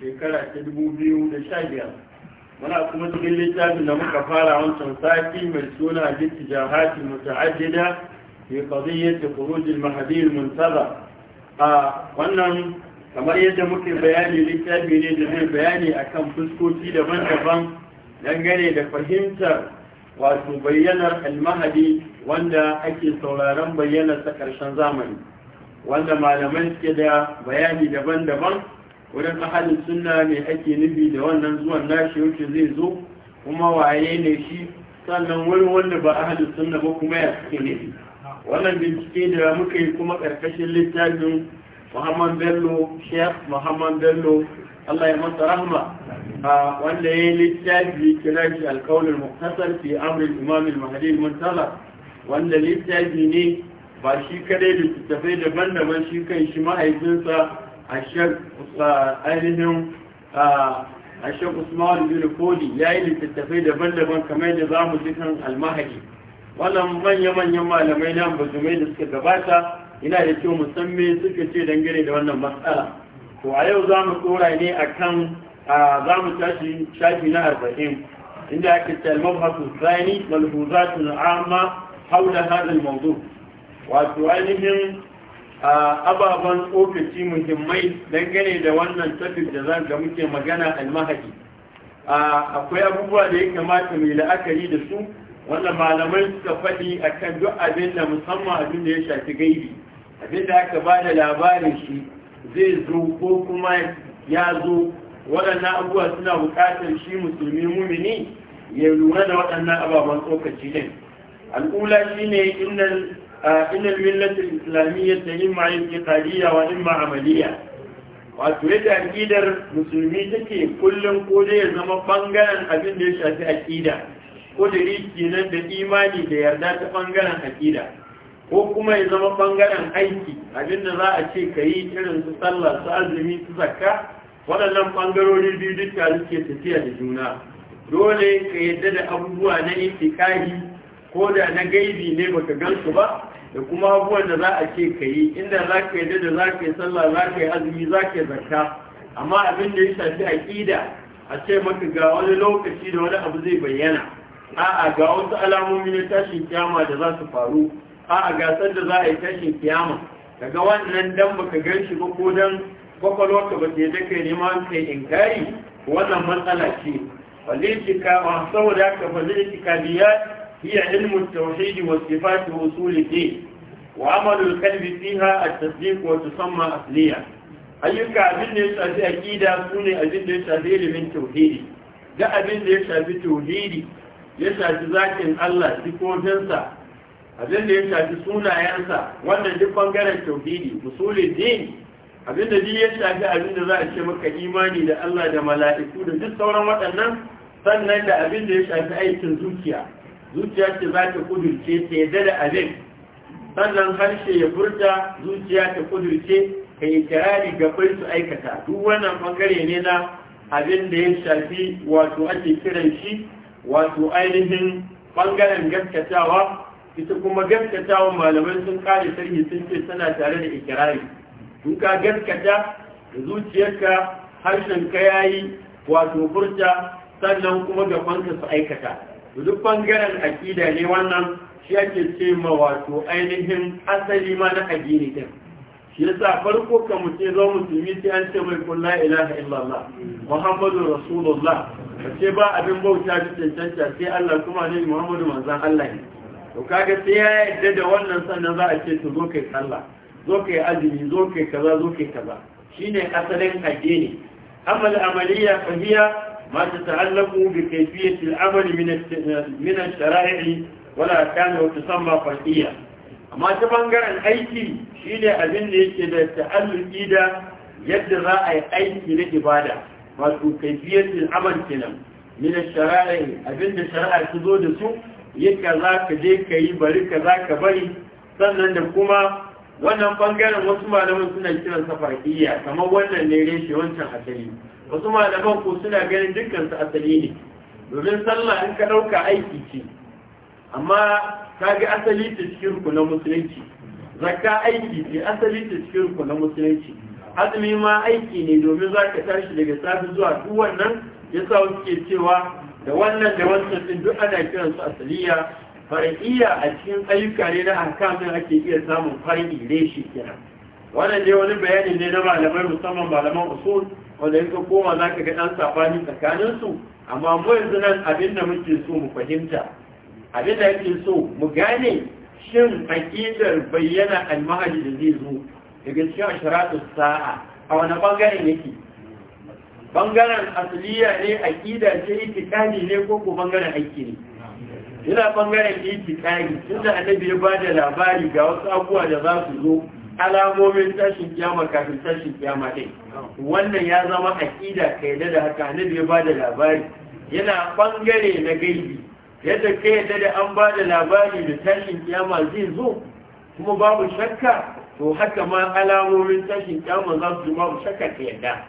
shekara ta dubu biyu da sha biyar muna kuma cikin littafin da muka fara wancan sati mai suna jiki jahati muta'addida fi qadiyyati khuruj al-mahdi al a wannan kamar yadda muke bayani littafi ne da zai bayani a kan fuskoki daban-daban dangane da fahimtar wato bayyanar almahadi wanda ake sauraron bayyanar ta karshen zamani wanda malamai suke da bayani daban-daban wurin ahalin sunna ne ake nufi da wannan zuwan nashi yaushe zai zo kuma waye ne shi sannan wurin wanda ba ahalin sunna ba kuma ya suke ne wannan bincike da muka yi kuma ƙarƙashin littafin muhammad bello sheikh muhammad bello allah ya masa rahma wanda ya yi littafi kira shi alkaunin muktasar fi amrin imamin mahadi muntala wanda littafi ne ba shi kadai da tattafai daban-daban shi kan shi mahaifinsa ainihin a shek usman unicoli ya yi littattafai daban-daban kamar da za mu jikin almahadi wannan manya-manyan malamai na bazumai da suka gabata ina da kyau musamman suka ce dangane da wannan matsala to a yau za mu tsora ne a kan za mu tashi shafi na arba'in inda aka ce almabhasu tsani malhuzatun amma haula hadal mawdu wato ainihin A ababen tsokaci muhimmai dangane da wannan tafiya da za ga muke magana almahadi akwai abubuwa da ya kamata mai la'akari da su wanda malamai suka faɗi a kan duk abin da musamman abin da ya shafi gaibi abin da aka ba da labarin shi zai zo ko kuma ya zo waɗannan abubuwa suna buƙatar shi musulmi mumini ya lura da waɗannan ababen tsokaci ɗin al'ula shine innal إلى الملة الإسلامية إما اعتقادية وإما عملية wato yadda aƙidar musulmi take kullum ko dai ya zama ɓangaren abin da ya shafi aƙida ko da nan da imani da yarda ta ɓangaren aƙida ko kuma ya zama ɓangaren aiki abin da za a ce ka yi irin su sallah su azumi su zakka waɗannan ɓangarori biyu duka suke tafiya da juna dole ka yadda da abubuwa na itikadi ko da na gaibi ne baka gansu ba da kuma abubuwan da za a ce ka yi inda za ka yi da za ka yi sallah za ka yi azumi za ka yi zakka amma abin da ya shafi aƙida a ce maka ga wani lokaci da wani abu zai bayyana a'a ga wasu alamomi na tashin kiyama da za su faru a'a gasar da za a yi tashin kiyama daga wannan dan baka gan shi ba ko dan ka ba ta kai neman kai inkari wannan matsala ce falitika saboda zai falitika biyar هي علم التوحيد وصفات وصول الدين وعمل القلب فيها التصديق وتسمى أصلية أيك أبن يشافي أكيدا سوني أبن يشافي من توحيدي ده أبن يشافي توحيدي يشافي ذات الله سكوتنسا abin da ya shafi sunayensa wannan duk bangaren tauhidi usulul din abin da ya shafi abin da za a ce maka imani da Allah da mala'iku da duk sauran waɗannan sannan da abin da ya shafi aikin zuciya zuciya ce za ta kudurce ta yadda da abin sannan harshe ya furta zuciya ta kudurce ka yi kirari ga su aikata duk wannan bangare ne na abin da ya shafi wato ake kiran shi wato ainihin bangaren gaskatawa ita kuma gaskatawa malamai sun kare sarki sun ce suna tare da ikirari in ka gaskata da zuciyarka harshen ka yayi wato furta sannan kuma gabanka su aikata duk bangaren aƙida ne wannan shi ake ce ma wato ainihin asali ma na addini din shi yasa farko ka mutum zo musulmi sai an ce mai kulla ilaha illallah muhammadu rasulullah ka ce ba abin bauta da tantance sai allah kuma ne muhammadu manzan allah ne to kaga sai ya yarda da wannan sannan za a ce to zo kai sallah zo kai azumi zo kai kaza zo kai kaza shine asalin addini amma da amaliya fahiya ما تتعلق بكيفية العمل من من الشرائع ولا كان وتسمى فرعية أما تبنغر الأيكي شيني أبن ليك تعلق إذا يد رأي أيكي لإبادة ما كيفية العمل كنا من الشرائع أبن الشرائع تزود سوء yi kaza ka je ka yi bari kaza ka bari sannan da kuma wannan bangaren wasu malaman suna kiran safariyya kamar wannan ne reshe wancan asali wasu malaman ko suna ganin dukkan su asali ne domin sallah in ka ɗauka aiki ce amma ka ga asali ta cikin ku musulunci zakka aiki ce asali ta cikin ku musulunci azumi ma aiki ne domin za ka tashi daga safi zuwa duk wannan ya sa suke cewa da wannan da wancan din duk ana kiran su asaliya fariya a cikin ayyuka ne na ahkamin ake iya samun far'i reshe kenan wannan ne wani bayani ne na malamai musamman malaman usul wanda yanzu koma za ka ga ɗan safani tsakaninsu amma mu yanzu nan abin da muke so mu fahimta abin da yake so mu gane shin aƙidar bayyana almahadi da zai zo daga cikin asharatu sa'a a wani ɓangaren yake ɓangaren asaliya ne aƙida ce itikadi ne ko ko ɓangaren aiki ne yana ɓangaren itikadi tunda annabi ya ba da labari ga wasu abubuwa da za su zo alamomin tashin kiyama kafin tashin kiyama ɗin wannan ya zama aƙida ka yadda da haka da ya ba da labari yana ɓangare na gaibi yadda ka yadda da an ba da labari da tashin kiyama zai zo kuma babu shakka to haka ma alamomin tashin kiyama za su babu shakka ka yadda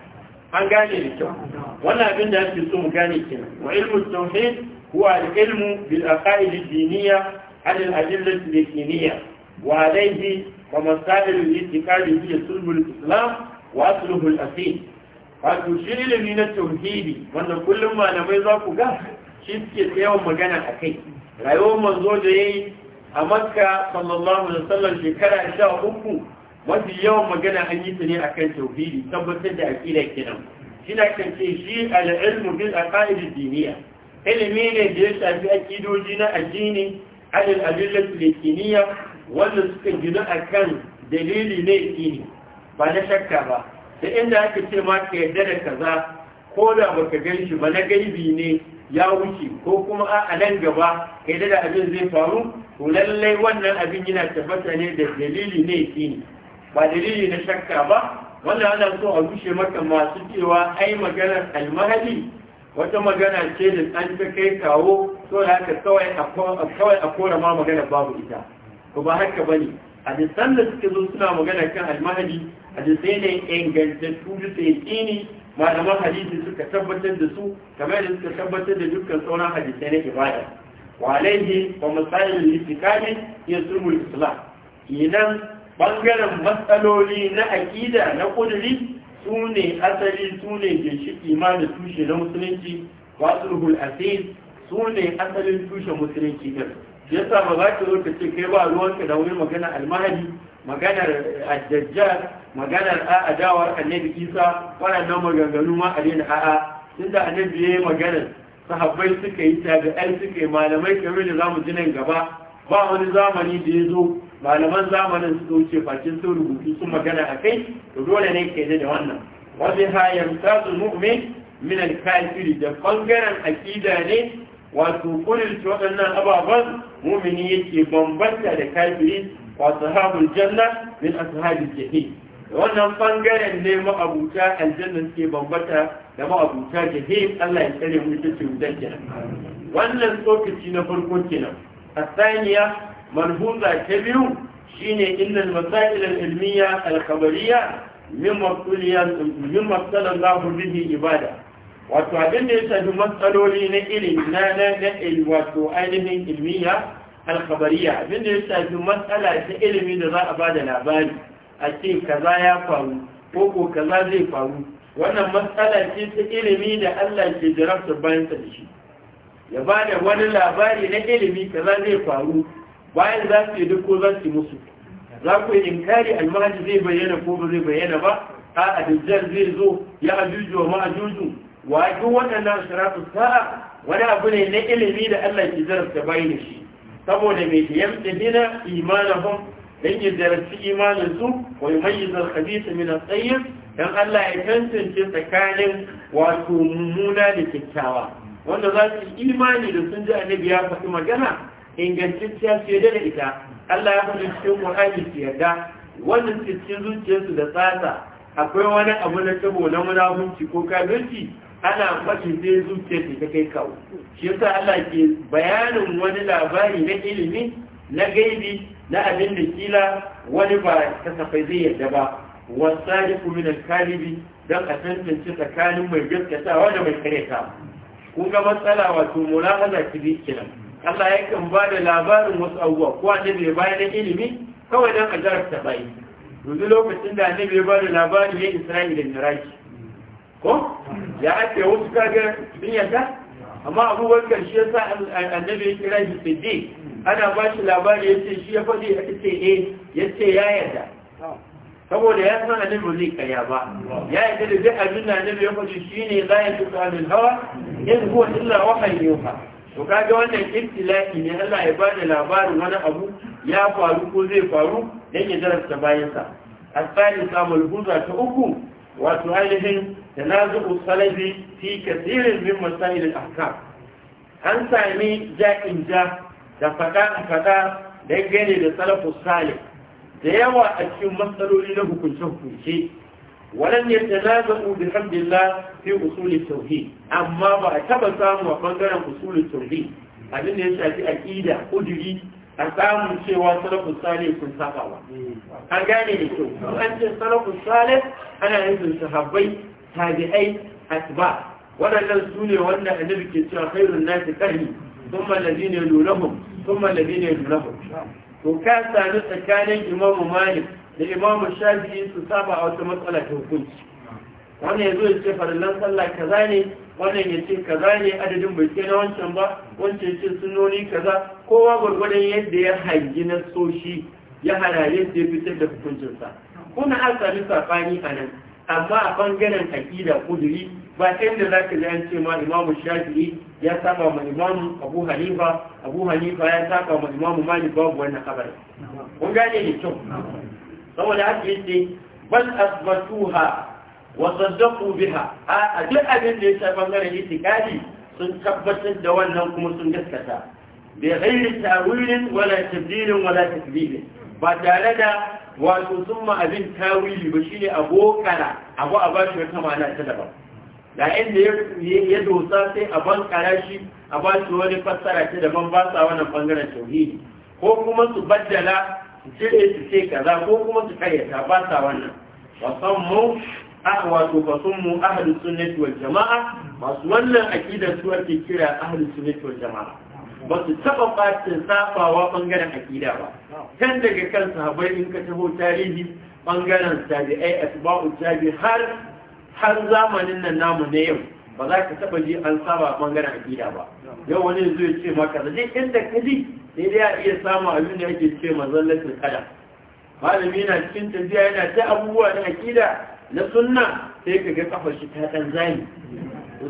an gane da kyau wannan abin da ake so mu gane kenan wa ilmu tauhid huwa al-ilmu bil aqaid ad-diniyya al-adillah al-diniyya wa alayhi wa masail al-i'tiqadi hiya sulbul islam wa aslubul asiri. wato shi ne na tauhidi wanda kullum malamai za ku ga shi suke tsayawan magana a kai rayuwar manzo da yayi a makka sallallahu alaihi wasallam shekara uku, mafi yawan magana an yi ta ne akan tauhidi tabbatar da aƙida kenan shi na kan ce shi al-ilmu bil aqaid diniya ilimi ne da ya shafi aƙidoji na addini alal adillatu Likiniya. wannan suka gina a kan dalili ne ikini ba na shakka ba da inda aka ce ma ka yarda da kaza ko da baka gan shi ba na gaibi ne ya wuce ko kuma a nan gaba ka yadda da abin zai faru to lallai wannan abin yana tabbata ne da dalili ne ikini ba dalili na shakka ba wannan ana so a rushe maka masu cewa ai maganar almahali wata magana ce da an ta kai kawo so haka kawai a kora ma magana babu ita ko ba haka bane hadisan da suke zo suna magana kan almahadi hadisai ne ingantattu bisa yaƙini malaman hadisi suka tabbatar da su kamar da suka tabbatar da dukkan sauran hadisai na ibada wa alaihi wa masailul ya yasrul islam idan bangaren matsaloli na aƙida na ƙudiri su ne asali su ne ginshiki ma tushe na musulunci wasu ruhul asis su ne asalin tushen musulunci din shi yasa ba za ki zo ta ce kai ba ruwan da wani magana almahadi maganar addajjar maganar dawar annabi isa waɗannan maganganu ma a daina a'a inda annabi ya yi maganar sahabbai suka yi tabi'ai suka yi malamai kamar da zamu ji nan gaba ba wani zamani da ya zo malaman zamanin su wuce bakin sun rubutu sun magana a kai to dole ne ke da wannan wani hayar tasu mu'min min al-kafiri da bangaren aqida ne wato kurinci waɗannan ababen mumini yake bambanta da kafiri wato habul janna min ashabil jahim wannan bangaren ne ma'abuta aljanna suke bambanta da ma'abuta jahim Allah ya tsare mu ta cutar kenan wannan tsokaci na farko kenan asaniya manhuza ta biyu shine innal masail al-ilmiya al-khabariyya min maqsuliyan min bihi ibada wato abin da ya shafi matsaloli na ilimi na na wato ainihin ilmiya alkhabariya abin da ya shafi matsala ta ilimi da za a ba da labari a ce kaza ya faru ko ko kaza zai faru wannan matsala ce ta ilimi da Allah ke jarabta bayan da shi ya ba da wani labari na ilimi kaza zai faru bayan za su yi duk ko za su musu za ku yi inkari almahaji zai bayyana ko ba zai bayyana ba a adijjar zai zo ya ajuju wa ma'ajuju wajen waɗannan shiratu sa'a wani abu ne na ilimi da Allah ke zarafta bayan da shi saboda mai tiyar tsibina hun don ya zarafci imaninsu wa yi mai zar min tsayin don Allah ya tantance tsakanin wato mummuna da kyakkyawa wanda za su imani da sun ji annabi ya faɗi magana ingantacciya ce da ita Allah ya faɗi cikin Qur'ani su yarda wannan cikin zuciyarsu da tsatsa akwai wani abu na tabo na munafunci ko kafirci ana fashe sai zuciya ce ta kai kawo shi yasa Allah ke bayanin wani labari na ilimi na gaibi na abin da kila wani ba kasafai zai yarda ba wasariku min al-kalibi dan a tantance tsakanin mai gaskatawa da mai kareta kun ga matsala wato mulahaza kidi kenan Allah yakan ba da labarin wasu abubuwa ko annabi ya bayar da ilimi kawai dan a jarabta bai yanzu lokacin da annabi ya ba da labarin ya Isra'ila da Iraki ko ya ake wasu kaga sun amma abubakar shi yasa annabi ya kira shi siddiq ana ba shi labari yace shi ya faɗi eh, ya ce ya yarda saboda ya san annabi ba zai kaya ba ya yarda da duk abin da annabi ya faɗi shine ya yatuqa min hawa in huwa illa wahyu yuha to kaga wannan ibtila'i ne Allah ya bada labarin wani abu ya faru ko zai faru dan ya darasta bayansa asali samu hulza ta uku wato ainihin zubu salabi fi kasirin min masailin ahkam an sami ja'in ja da faɗa a faɗa dangane da salafu salih da yawa a cikin matsaloli na hukunce-hukunce walan ya tanaza'u bi hamdillah fi usulin tauhi amma ba a taɓa samu a bangaren usulin tauhi abin da ya shafi aƙida ƙudiri a samun cewa salafus salih kun saba ba hmm. an gane da kyau an ce salafus salih ana nufin sahabbai tabi'ai atba waɗannan su ne wanda annabi ke cewa khairun nasi qarni thumma alladhina yalunahum thumma alladhina yalunahum to ka sami tsakanin imamu malik da imamu shafi'i su saba a wata matsala ta hukunci wannan ya zo ya ce farillan sallah kaza ne wannan ya ce kaza ne adadin bai kai na wancan ba wancan ce sunoni kaza kowa gwargwadon yadda ya hangi na soshi ya halaye su ya fitar da hukuncinsa kuna an sami safani a nan amma a bangaren aƙida kuduri ba inda za ka ji an ce ma imamu shafi'i ya saba ma imamu abu hanifa abu hanifa ya saba ma imamu malik babu wannan habari kun gane ne kyau saboda haka yace bal asbatuha Wasan saddaqu biha a duk abin da ya shafa bangaren itikadi sun tabbatar da wannan kuma sun gaskata bi ghairi tawilin wala tabdilin wala takdibin ba tare da wato sun abin tawili ba shine abokara abu a bashi wata ma'ana ta daban da inda ya dosa sai a bankara shi a bashi wani fassara ta daban ba sa wannan bangaren tauhidi ko kuma su baddala su cire su ce kaza ko kuma su kayyata ba sa wannan wasan mu aka wato fasun mu ahlus sunnati wal jama'a masu wannan akidar su ake kira ahal sunnati wal jama'a ba su taɓa fatin safawa ɓangaren akida ba kan daga kan sahabai in ka taho tarihi bangaren tabi'ai asba'u tabi har har zamanin nan namu na yau ba za ka taba ji an saba ɓangaren akida ba yau wani zai ce maka da duk inda ka ji sai dai a iya samu abin da ake ce mazallatul kada malami yana cikin tafiya yana ta abubuwa na akida na sunna sai ka ga kafar shi ta dan zani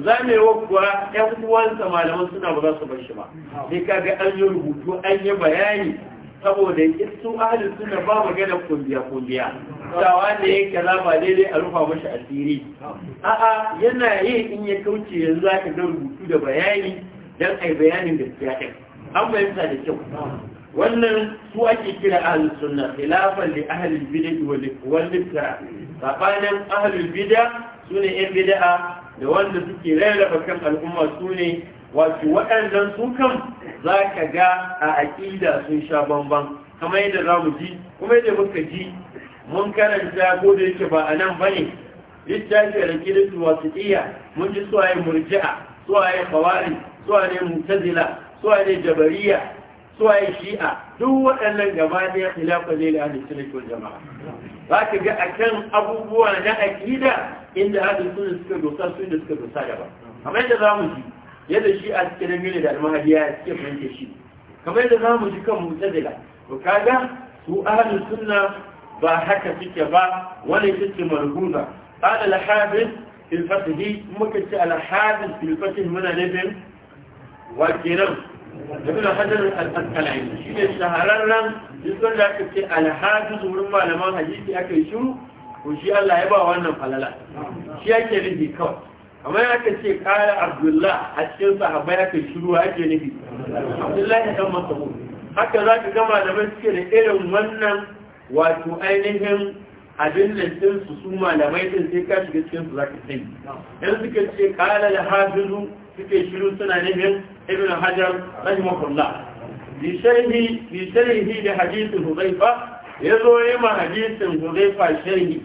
zamewa kuwa yan uwansa malaman suna ba za su bar shi ba sai ka ga an yi rubutu an yi bayani saboda su ahalin suna ba magana kungiya kungiya dawa ne ya kaza ba daidai a rufa mashi asiri a'a yana yi in ya kauce yanzu za ka ga rubutu da bayani don a yi bayanin gaskiya ɗin an fahimta da kyau wannan su ake kira ahlus sunna khilafan li ahlil bida wal iftira sabanin ahlul bid'ah sune yan bid'a da wanda suke rarraba kan al'umma sune wato waɗannan su kan zaka ga a aƙida sun sha bambam? kamar yadda zamu ji kuma yadda muka ji mun karanta ko da yake ba nan bane littafi al-qidatu wasitiyya mun ji suwaye murji'a suwaye khawari suwaye mu'tazila suwaye jabariya suwaye shi'a duk waɗannan gaba ɗaya ya khilafa ne da ahlus sunna wal jama'a za ka ga akan abubuwa na aqida inda ahlus sunna suka dosa su da suka dosa daban kamar yadda za mu ji yadda shi'a suke da mili da almahadiya suke fahimta shi kamar yadda za mu ji kan mu'tazila to kaga su ahli sunna ba haka suke ba wani suke marhuza قال الحافظ في الفتح ممكن الحافظ في الفتح من نبي وكنم ibn hajar al-asqalani shine shahararren dukkan da aka ce al-hafiz wurin malaman hadisi aka yi shiru ko shi Allah ya ba wannan falala shi yake nufi kawai amma ya aka ce kala abdullah a cikin sahaba ya kai shiru ake nufi abdullahi dan mas'ud haka za ka gama da mai suke da irin wannan wato ainihin abin da din su su malamai din sai ka shiga cikin su za ka sani dan suka ce kala al-hafiz suke shiru suna nufin ibn hajar rahimahullah bi sharhi bi sharhi da hadisin zo ya ma hadisin hudayfa sharhi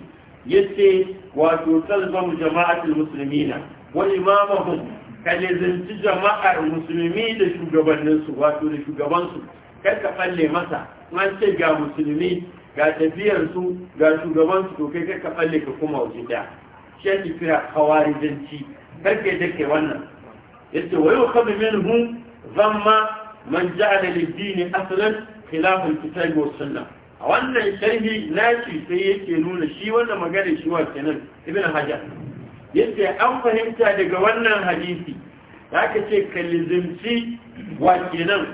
yace wato talzam jama'atul muslimina wa imamahum kalizanci jama'ar musulmi da shugabanninsu wato da shugabansu kar ka falle masa an ce ga musulmi ga tafiyarsu ga shugabansu to kai kar ka falle ka kuma waje daya shi kar ka yi wannan yace wa yukhadhu minhu dhamma man ja'ala lid-din aslan khilaf al-kitab wa sunnah a wannan sharhi naci sai yake nuna shi wannan magana shi wa kenan ibn hajar yace an fahimta daga wannan hadisi zaka ce kalizimci wa kenan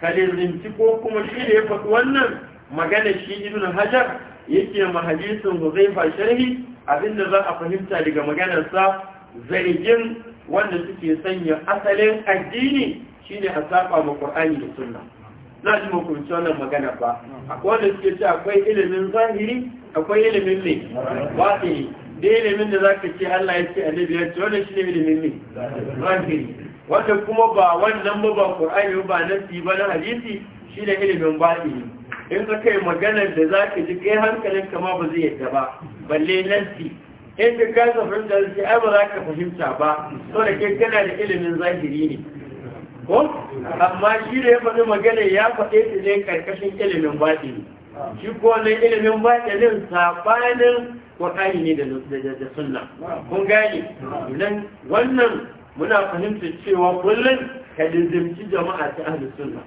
kalizimci ko kuma shi da ya faɗi wannan magana shi ibn hajar yake ma hadisin huzaifa sharhi abinda za a fahimta daga maganarsa zargin wanda suke sanya asalin addini shine a saba ma Qur'ani da Sunna na ji muku wannan magana ba akwai wanda suke cewa akwai ilimin zahiri akwai ilimin ne batini da ilimin da zaka ce Allah ya ce annabi ya ce wannan shine ilimin ne zahiri wanda kuma ba wannan ba ba Qur'ani ba nasi ba na hadisi shine ilimin batini in ka kai maganar da zaka ji kai hankalinka ma ba zai yadda ba balle nasi Inda ka zafin da zai ai ba za ka fahimta ba so da ke kana da ilimin zahiri ne ko amma shi da ya faɗi magana ya faɗe su ne karkashin ilimin baɗi shi ko na ilimin ne sabanin waƙari ne da sunna kun gane idan wannan muna fahimta cewa kullum ka dizimci jama'a ta ahlus sunna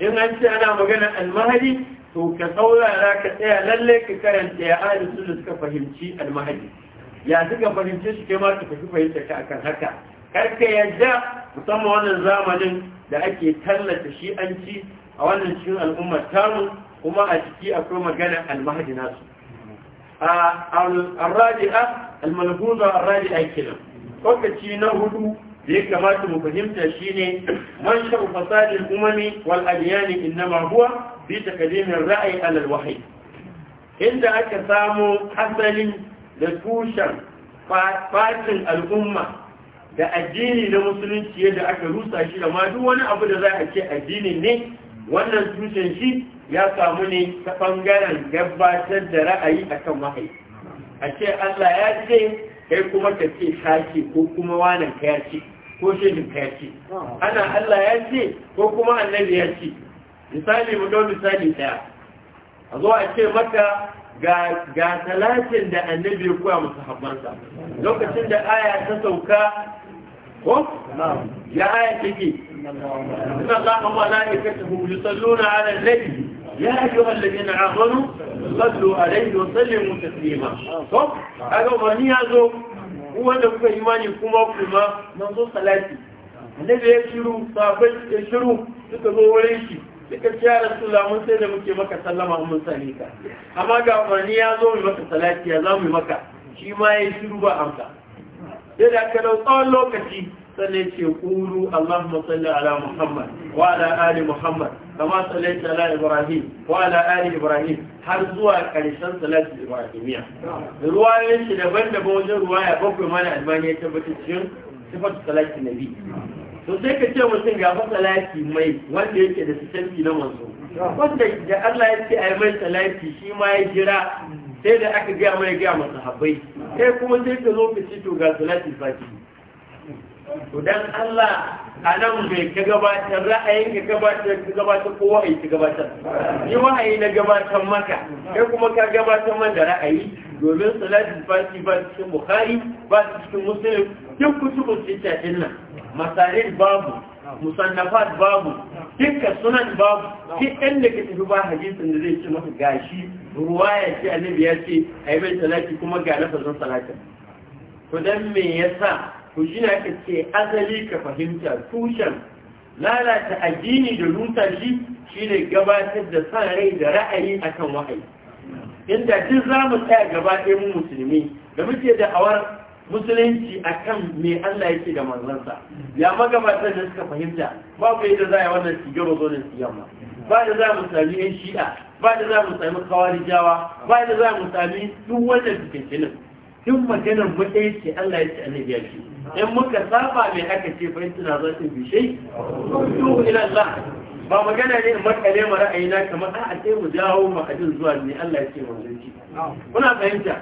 in an ce ana magana mahdi to ka saurara ka tsaya lalle ka karanta ya ahli sunna suka fahimci almahadi ya suka fahimce shi kai ma ka fahimci fahimta ka akan haka kar ka yadda musamman wannan zamanin da ake tallata shi an ci a wannan cikin al'umma tamu kuma a ciki akwai magana almahadi nasu الرابعة الملحوظة الرابعة كده lokaci na hudu da ya kamata mu fahimta shine man sharu fasadin umami wal adiyani innama huwa fi takalimin ra'ayi alal wahayi inda aka samu asalin da tushen fatin al'umma da addini na musulunci yadda aka rusa shi da ma duk wani abu da za a ce addini ne wannan tushen shi ya samu ne ta ɓangaren gabatar da ra'ayi akan wahayi a ce Allah ya ce kai kuma ka ce ce ko kuma wanan ka ya ko shehin ka ana Allah ya ce ko kuma annabi ya ce misali mu don misali daya Azo zo a ce ga talatin da annabi ya koya musu habbansa lokacin da aya ta sauka ko? ya aya take suna zaɓan wala ya yi salluna a nan rai ya haifu hallabi na ahonu sallu a rai don sallin mu taslima ko? a ya zo wanda kuka yi mani kuma kuma nan zo talati annabi ya shiru ya shiru suka shi ya rasu da mun sai da muke maka sallama mun sani ka amma ga umarni ya zo mai maka salati ya za mu yi maka shi ma ya yi shiru ba amsa sai da aka dau tsawon lokaci sannan ce allahumma salli ala muhammad wa ala ali muhammad kama sallaita ala ibrahim wa ala ali ibrahim har zuwa karshen salati ibrahimiyya ruwayoyin shi daban-daban wajen ruwaya bakwai mana almaniya tabbatar cikin sifatu nabi to sai ka ce mutum ga fa laifi mai wanda yake da sitanci na manzo wanda da Allah ya ce ai mai salati shi ma ya jira sai da aka gaya mai gaya masa habai sai kuma sai ka zo ka ci to ga salati fati to dan Allah a nan bai ka gabatar ra'ayin ka gabatar ka gabatar ko wa'ayi ka gabatar ni wa'ayi na gabatar maka kai kuma ka gabatar man da ra'ayi domin salatin fasi ba cikin bukhari ba cikin muslim duk kutubun sita din nan masarin babu musannafat babu duka sunan babu ki ɗan da ka tafi ba hadisin da zai ce maka gashi ruwaya ce annabi ya ce a yi mai salati kuma ga lafazin salatin to dan me yasa ku ji ka ce azali ka fahimta tushen lalata addini da ruta shi shine gabatar da san rai da ra'ayi akan wahayi inda duk zamu mu tsaya gaba ɗaya mu musulmi da muke da awar musulunci akan me Allah yake da manzansa ya magabatan da suka fahimta ba ku yi da za a yi wannan sigaro zo da siyamma ba da za mu sami yan shi'a ba da za mu sami kawarijawa ba da za mu sami duk wannan fitinin duk maganar mu ce Allah ya ce annabi ya ce in muka saba mai aka ce fa na za ta bishe to ila Allah ba magana ne in makale mu ra'ayina kamar a sai mu dawo mu hadin zuwa ne Allah ya ce mu kuna fahimta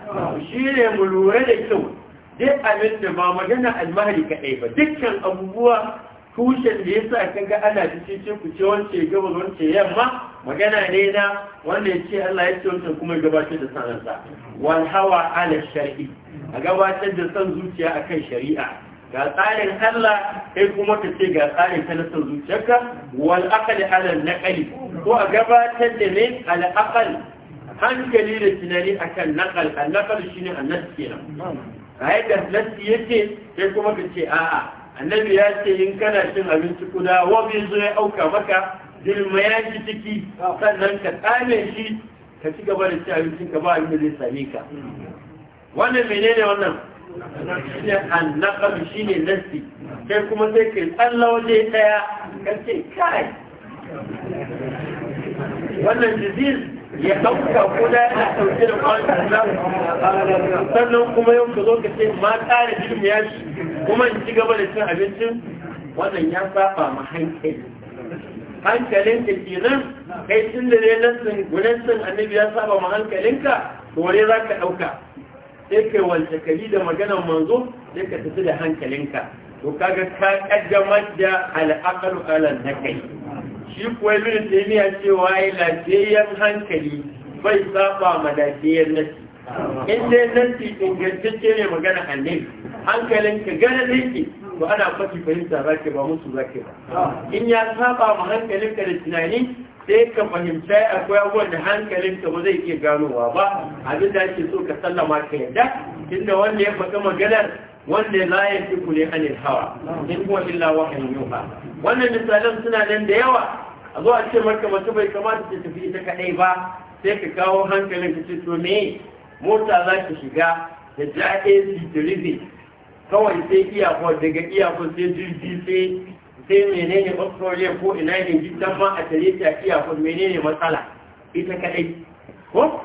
shi ne mu lura da kyau duk abin da ba magana almahari kaɗai ba dukkan abubuwa tushen da ya yasa ka ga ana cikin ce ku ce wance gabas wance yamma magana ne na wanda ya ce Allah ya ce wancan kuma ya gabatar da sanarsa wal hawa ala shar'i a gabatar da san zuciya akan shari'a ga tsarin Allah sai kuma ka ce ga tsarin ta na san zuciyarka wal aqli ala naqli ko a gabatar da ne al aqal hankali da tunani akan naqal al naqal shine annas kenan a yadda nassi yake sai kuma ka ce a'a annabi ya ce in kana cin abinci kuda bai zo ya auka maka dilma ya ci ciki sannan ka tsame shi ka ci gaba da shi abincin ka ba abin da zai same ka wannan menene wannan shine annaqab shine nassi sai kuma sai kai tsalla waje daya ka ce kai wannan disease ya ɗauka kuna yana ɗauke da kwanan nan sannan kuma yau ka zo ka ce ma ƙara jirgin ya shi kuma in ci gaba da cin abincin wannan ya saba ma hankali ke nan kai tun da ne nassin annabi ya saba ma hankalinka to za ka ɗauka sai kai ka kali da maganar manzo sai ka tafi da hankalinka to kaga ka ƙaddamar da al'aqalu ala kai. shi kuwa ibn taymiya cewa ya lafiyayyen hankali bai saba ma lafiyayyen nasi in dai nasi ingantacce ne magana annabi hankalin ka gana nake to ana fashi fahimta ke ba musu ke ba in ya saba ma hankalin ka da tunani sai ka fahimta akwai abubuwan da hankalin ka ba zai iya ganowa ba abin da ake so ka sallama ka yadda inda wanda ya faɗi maganar wanda la ya fi anil hawa in kuwa illa wahayin ba wannan misalan suna nan da yawa a zo a ce maka mace bai kamata ta tafi ita kaɗai ba sai ka kawo hankalin ka ce to me mota za ta shiga da ja AC turizm kawai sai iyakon daga iyakon sai jirgi sai sai menene australia ko ina ne gidan ma a tare ta iyakon menene matsala ita kaɗai ko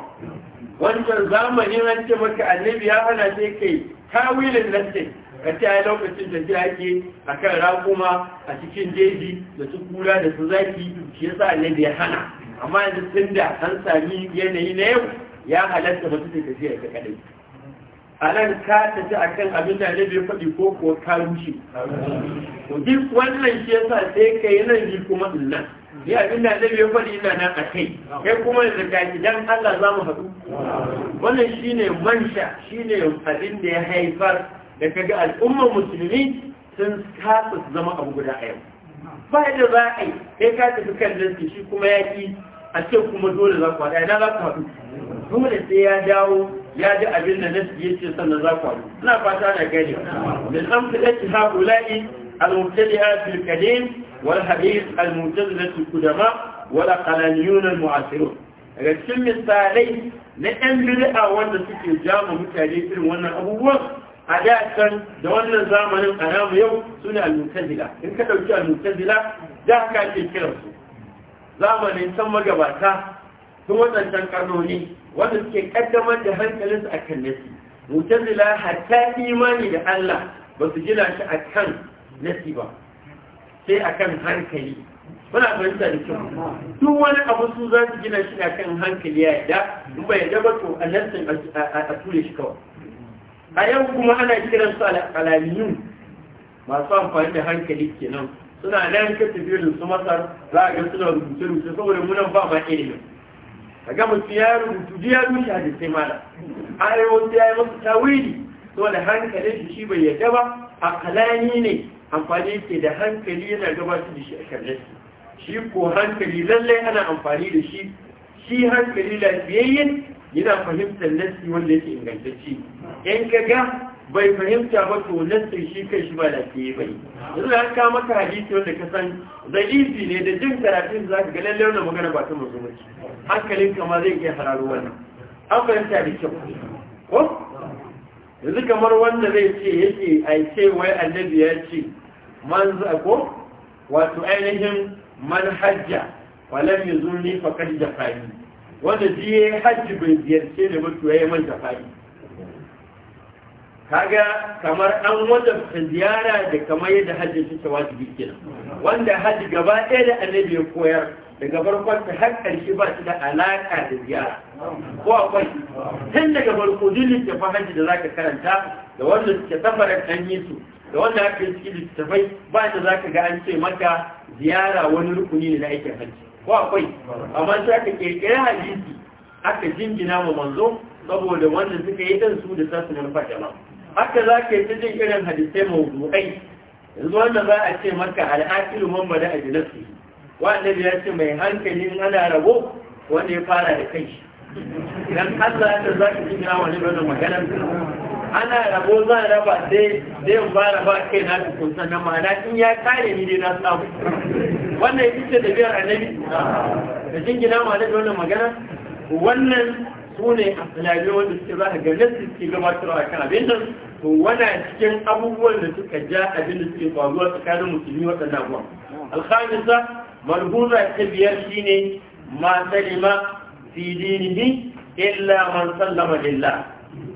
wancan zamani an ce maka annabi ya hana sai kai kawilin lantarki ka ce ai lokacin tafiya ake a kan raƙuma a cikin jeji da su kura da su zaki shi yasa da ya hana amma yanzu tun da an sami yanayi na yau ya halatta mutum ta tafiya ta kadai a nan ka tafi a kan abin da annabi ya faɗi ko ko ka rushe to duk wannan shi sa sai ka yi nan ji kuma in nan ni abin da annabi ya faɗi ina nan a kai kai kuma da zaka dan Allah za mu haɗu wannan shine mansha shine abin da ya haifar da kaga al'ummar musulmi sun kasa su zama abu guda a yau ba da za a yi kai ka tafi kallon su shi kuma ya ki a ce kuma dole za ku haɗu ina za ku haɗu dole sai ya dawo ya ji abin da nasu ya ce sannan za ku haɗu ina fata na gani min an fi ɗaki haƙula'i al-mubtadi'a fil qadim wal hadith al-mubtadi'a fil qudama wal qalaniyun al-mu'asirun daga cikin misalai na ɗan bid'a wanda suke jama mutane irin wannan abubuwan a da da wannan zamanin a yau suna ne al-mutazila in ka ɗauki al-mutazila da haka ake kiransu zamanin san magabata sun waɗancan karnoni wanda suke ƙaddamar da hankalinsu a kan nasi mutazila hatta imani da Allah ba su gina shi a nasi ba sai a kan hankali muna fahimta da kyau duk wani abu su za su gina shi a kan hankali ya yada in bai yada ba to a a ture shi kawai a yau kuma ana kiran su alaliyun masu amfani da hankali kenan suna nan ka tafiya su masar za a ga suna rubuce rubuce saboda munan ba ma ilimin kaga mutum ya rubutu ya rushe a mala wanda ya yi masu tawili saboda hankalin shi bai yadda ba a kalani ne amfani ke da hankali yana gabatar da shi a kalle shi ko hankali lallai ana amfani da shi shi hankali lafiyayyen yana fahimtar lassi wanda yake ingantacce in ka ga bai fahimta ba to lassi shi kai shi ba lafiye bai yanzu an ka maka hadisi wanda ka san zaifi ne da jin karatun za ka ga lallai wannan magana ba ta mazu mace hankalin kama zai iya hararo wannan an fahimta da kyau ko yanzu kamar wanda zai ce yake a wai annabi ya ce man ko wato ainihin manhajja walam yuzuni faqad jafani wanda ji ya yi hajji bai ziyarce da mutu ya yi manta fari kaga kamar an wanda ziyara da kamar yadda hajji ta wajibi kenan wanda hajji gaba ɗaya da annabi ya koyar daga farkon ta har ƙarshe ba shi da alaƙa da ziyara ko akwai tun daga farko duk littafin hajji da zaka karanta da wanda suke safarar an yi su da wanda aka yi cikin tafai, ba da zaka ga an ce maka ziyara wani rukuni ne na aikin hajji ko akwai amma sai aka kirkiri hadisi aka jingina wa manzo saboda wanda suka yi dan da za su manufa jama'a haka za ka yi ta jin irin hadisai mawdu'ai yanzu wanda za a ce maka al'akilu man bada a jinasi wanda ya ce mai hankali ana rabo wanda ya fara da kai dan Allah da za ka jingina wani wannan magana ana rabo za a raba sai zai fara ba kai na tukun sannan ma'ana in ya kare ni dai na samu wannan ita ce da biyar annabi da jingina ma'ana da wannan magana wannan su ne asalami wanda suke za a ga nasu suke gabatar a kan abin nan to wana cikin abubuwan da suka ja abin da suke faruwa tsakanin musulmi waɗannan abuwa alhamisa marhura ta biyar shine ma salima fi dinihi illa man sallama lillah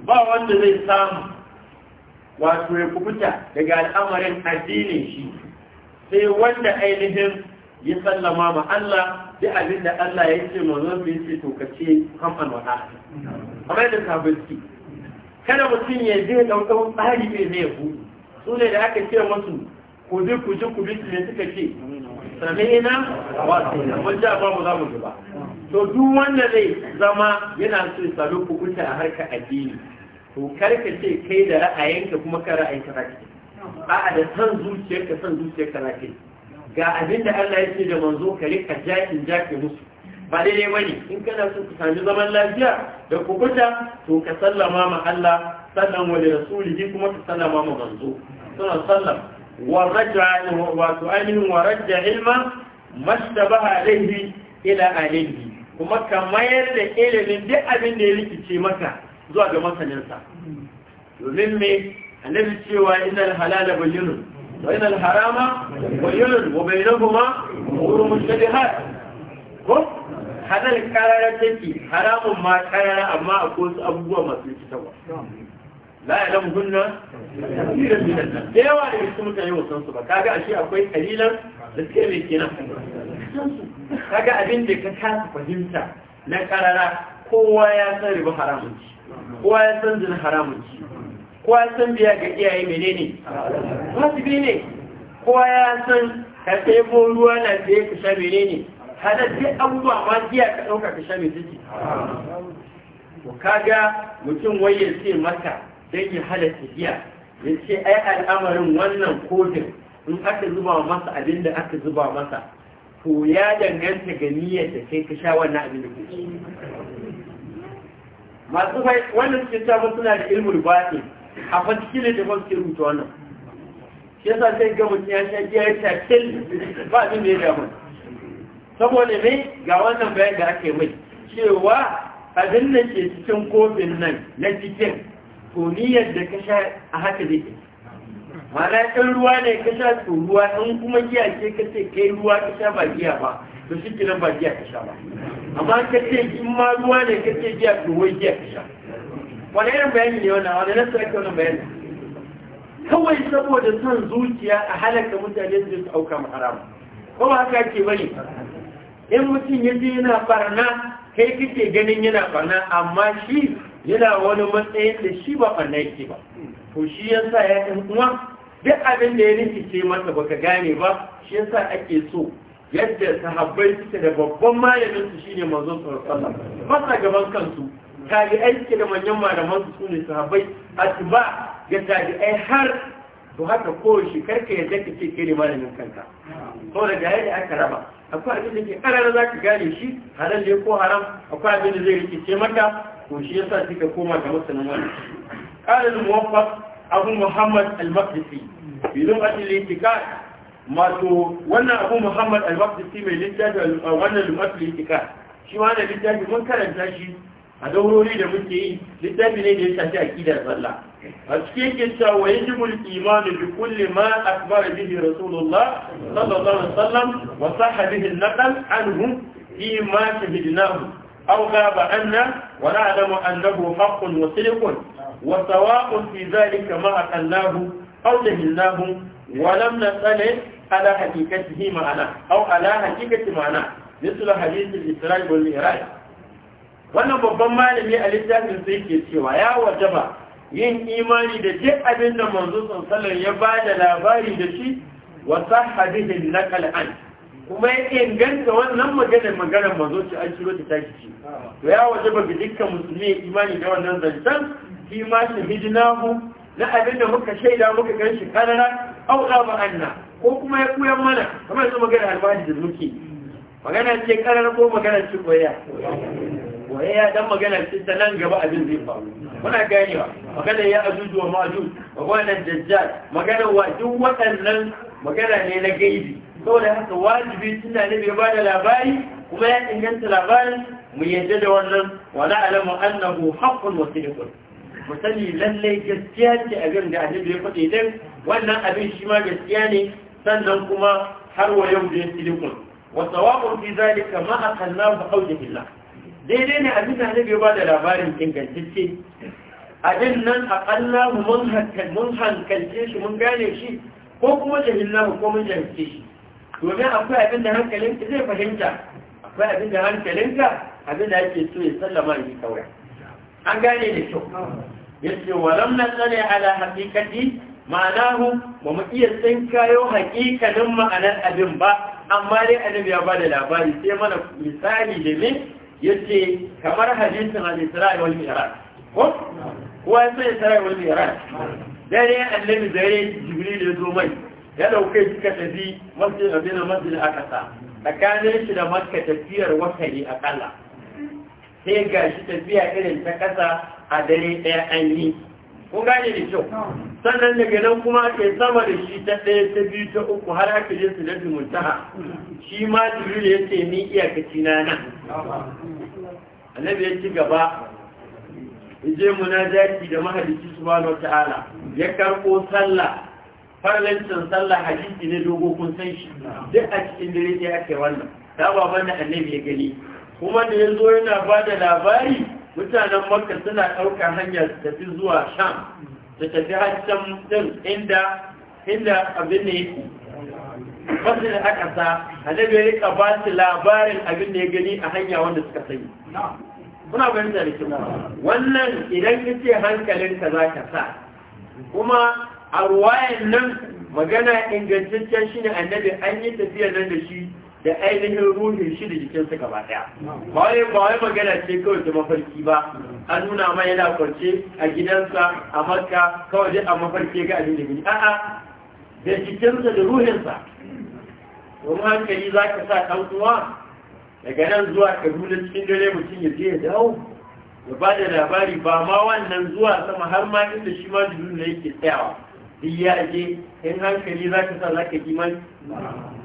ba wanda zai samu wato ya kubuta daga al'amarin addinin shi sai wanda ainihin ya sallama ma Allah da abin da Allah ya ce manzon bai ce to kace hamman wa ahli kamar da sabiski kada mutum ya je wata tsari mai zai ku su ne da aka ce musu ku zai ku ji ku bi ne suka ce sami ina wato mun ja ba mu za mu ji ba to duk wanda zai zama yana so ya sami hukunta a harkar addini to karka ce kai da ra'ayinka kuma ka ra'ayinka za ba a'a da san zuciyarka san zuciyarka za ka ga abin da Allah ya ce da manzo ka rika jakin jaki musu ba daidai ne, in kana so ka sami zaman lafiya da hukunta to ka sallama ma Allah sannan wa da rasulihi kuma ka sallama ma manzo suna sallam wa raj'a wa tu'minu wa raj'a ilma mashtabaha alayhi ila alihi kuma ka mayar da ilimin duk abin da ya rikice maka zuwa ga masaninsa domin me annabi cewa innal halala bayyinun wa innal harama bayyinun wa bainahuma umurun mushtabihat ko hadal karara take haramun ma karara amma akwai wasu abubuwa masu rikitarwa la ya lamu hunna da yawa da cikin mutane wasan su ba kaga ashe akwai kalilan da suke mai kenan kaga abin da ka kasa fahimta na karara kowa ya san riba haramun ci kowa ya san zina haramun ci kowa ya san biya ga iyaye menene wajibi ne kowa ya san ka tsebo ruwa na tsaye ka sha menene hada sai abubuwa ma giya ka ɗauka ka sha mai ciki kaga mutum waye sai ce maka don ya halatta giya ya ce ai al'amarin wannan kotun in aka zuba masa abin da aka zuba masa to ya danganta ga niyyar da kai ka sha wannan abin da kuke masu fai wannan suke cewa suna da da batin a fa ne da ba suke rubuta wannan shi yasa sai ga mutum ya sha giya ya sha kil ba abin da ya damu saboda ne ga wannan bayan da aka yi mai cewa abin da ke cikin kofin nan na cikin to niyyar da ka sha a haka zai mana ɗan ruwa ne ka sha to ruwa ɗan kuma giya ce ka ce kai ruwa ka sha ba giya ba to shi nan ba giya ka sha ba amma ka ce in ma ruwa ne ka ce giya to wai giya ka sha wani irin bayani ne wannan wani nasu ake wannan bayani kawai saboda son zuciya a halaka mutane su su auka haram ko ba haka ake bane in mutum ya je yana barna kai kake ganin yana barna amma shi yana wani matsayin da shi ba barna yake ba to shi yasa ya ɗan uwa duk abin da ya rikice masa baka gane ba shi yasa ake so yadda sahabbai suke da babban malamin su shine manzo sallallahu masa gaban kansu yi suke da manyan malaman su sune sahabbai atba ga ai har to haka ko shi karka yadda kake kai ne malamin kanka da ga yadda aka raba akwai abin da ke karara za ka gane shi halal ne ko haram akwai abin da zai rikice maka to shi yasa kika koma ga masanin wannan qala al-muwaffaq abu muhammad al-maqdisi bi lughati al-i'tiqad mato wannan abu muhammad al-maqdisi mai littafi wannan lughati al-i'tiqad shi ma da littafi mun karanta shi a daurori da muke yi littafi ne da ya shafi aqidar sallah a cikin yake cewa wa yajibu al-iman bi kulli ma akbara bihi rasulullah sallallahu alaihi wasallam wa sahha bihi an-naql anhu fi ma shahidnahu aw ghaba anna wa na'lamu annahu haqqun wa sidqun وسواء في ذلك ما أقلناه أو جهلناه ولم نسأل على حقيقته معناه أو على حقيقة معناه مثل حديث الإسراء والمعراج wannan babban malami a littafin sai ke cewa ya wajaba yin imani da ke abin da manzo ya ba da labari da shi wa kuma ya inganta wannan maganar maganar manzo ce an shiro ta tashi to ya wajaba ga dukkan musulmi imani da wannan zancen fi ma shahidnahu na abinda muka shaida muka gan shi kanana au da anna ko kuma ya kuyan mana kamar yanzu magana albashi da muke magana ce kanana ko magana ce koyaya koyaya dan magana ce ta nan gaba abin zai faru muna ganewa magana ya ajuju wa maju magana dajjal magana wa duk waɗannan magana ne na gaibi saboda haka wajibi tunda ne bai bada labari kuma ya inganta labarin mu yadda da wannan wala alamu annahu haqqun wa sidiqun mu sani lallai gaskiya ce abin da annabi ya faɗi din wannan abin shi ma gaskiya ne sannan kuma har wa yau da dukun wa sawabun fi zalika ma akalna bi qawlillah daidai ne abin da annabi ya da labarin ingantacce abin nan akalla mun hankalce mun hankalce shi mun gane shi ko kuma jahilna ko mun jahilce shi domin akwai abin da hankalinka zai fahimta akwai abin da ka abin da ake so ya sallama ni kawai an gane da kyau yace walam nasare ala haqiqati ma'anahu ba mu iya tsinkayo haƙiƙanin ma'anar abin ba amma dai annabi ya bada labari sai mana misali da me yace kamar hadisin a israi wal Mi'raj ko kuwa sai Isra'i wal Mi'raj dare annabi dare Jibril ya zo mai ya dauke suka tafi masjid abin masjid akasa tsakanin shi da makka tafiyar wakali akalla sai gashi tafiya irin ta kasa a dare ɗaya an yi kun gane da kyau sannan daga nan kuma ke sama da shi ta ɗaya ta biyu ta uku har haka je su lafi muntaha shi ma jibril ya ce ni iyakaci na nan annabi ya ci gaba je Zaki da mahalicci subhanahu ala. ya karɓo sallah farlancin sallah hadisi ne dogo kun san shi duk a cikin dare sai ake wannan ta baban da annabi ya gani kuma da ya zo yana ba da labari mutanen makka suna ɗaukar hanyar su tafi zuwa sham da tafi haccan din inda inda abin da yake basu da aka sa annabi ya rika ba su labarin abin da ya gani a hanya wanda suka sani kuna bayan da kuma wannan idan ka ce hankalinka za ka sa kuma a ruwayan nan magana ingantaccen shine ne annabi an yi tafiya nan da shi da ainihin ruhin shi da jikinsa gaba daya ba wai ba wai magana ce kawai da mafarki ba an nuna ma yana kwance a gidansa a makka kawai dai a mafarki ga abin da gini a'a da jikinsa da ruhinsa kuma hankali za ka sa ɗan uwa daga nan zuwa kaduna cikin dare mutum ya je ya dawo ya ba da labari ba ma wannan zuwa sama har ma inda shi ma jikin yake tsayawa duk je in hankali za ka sa za ka ji mai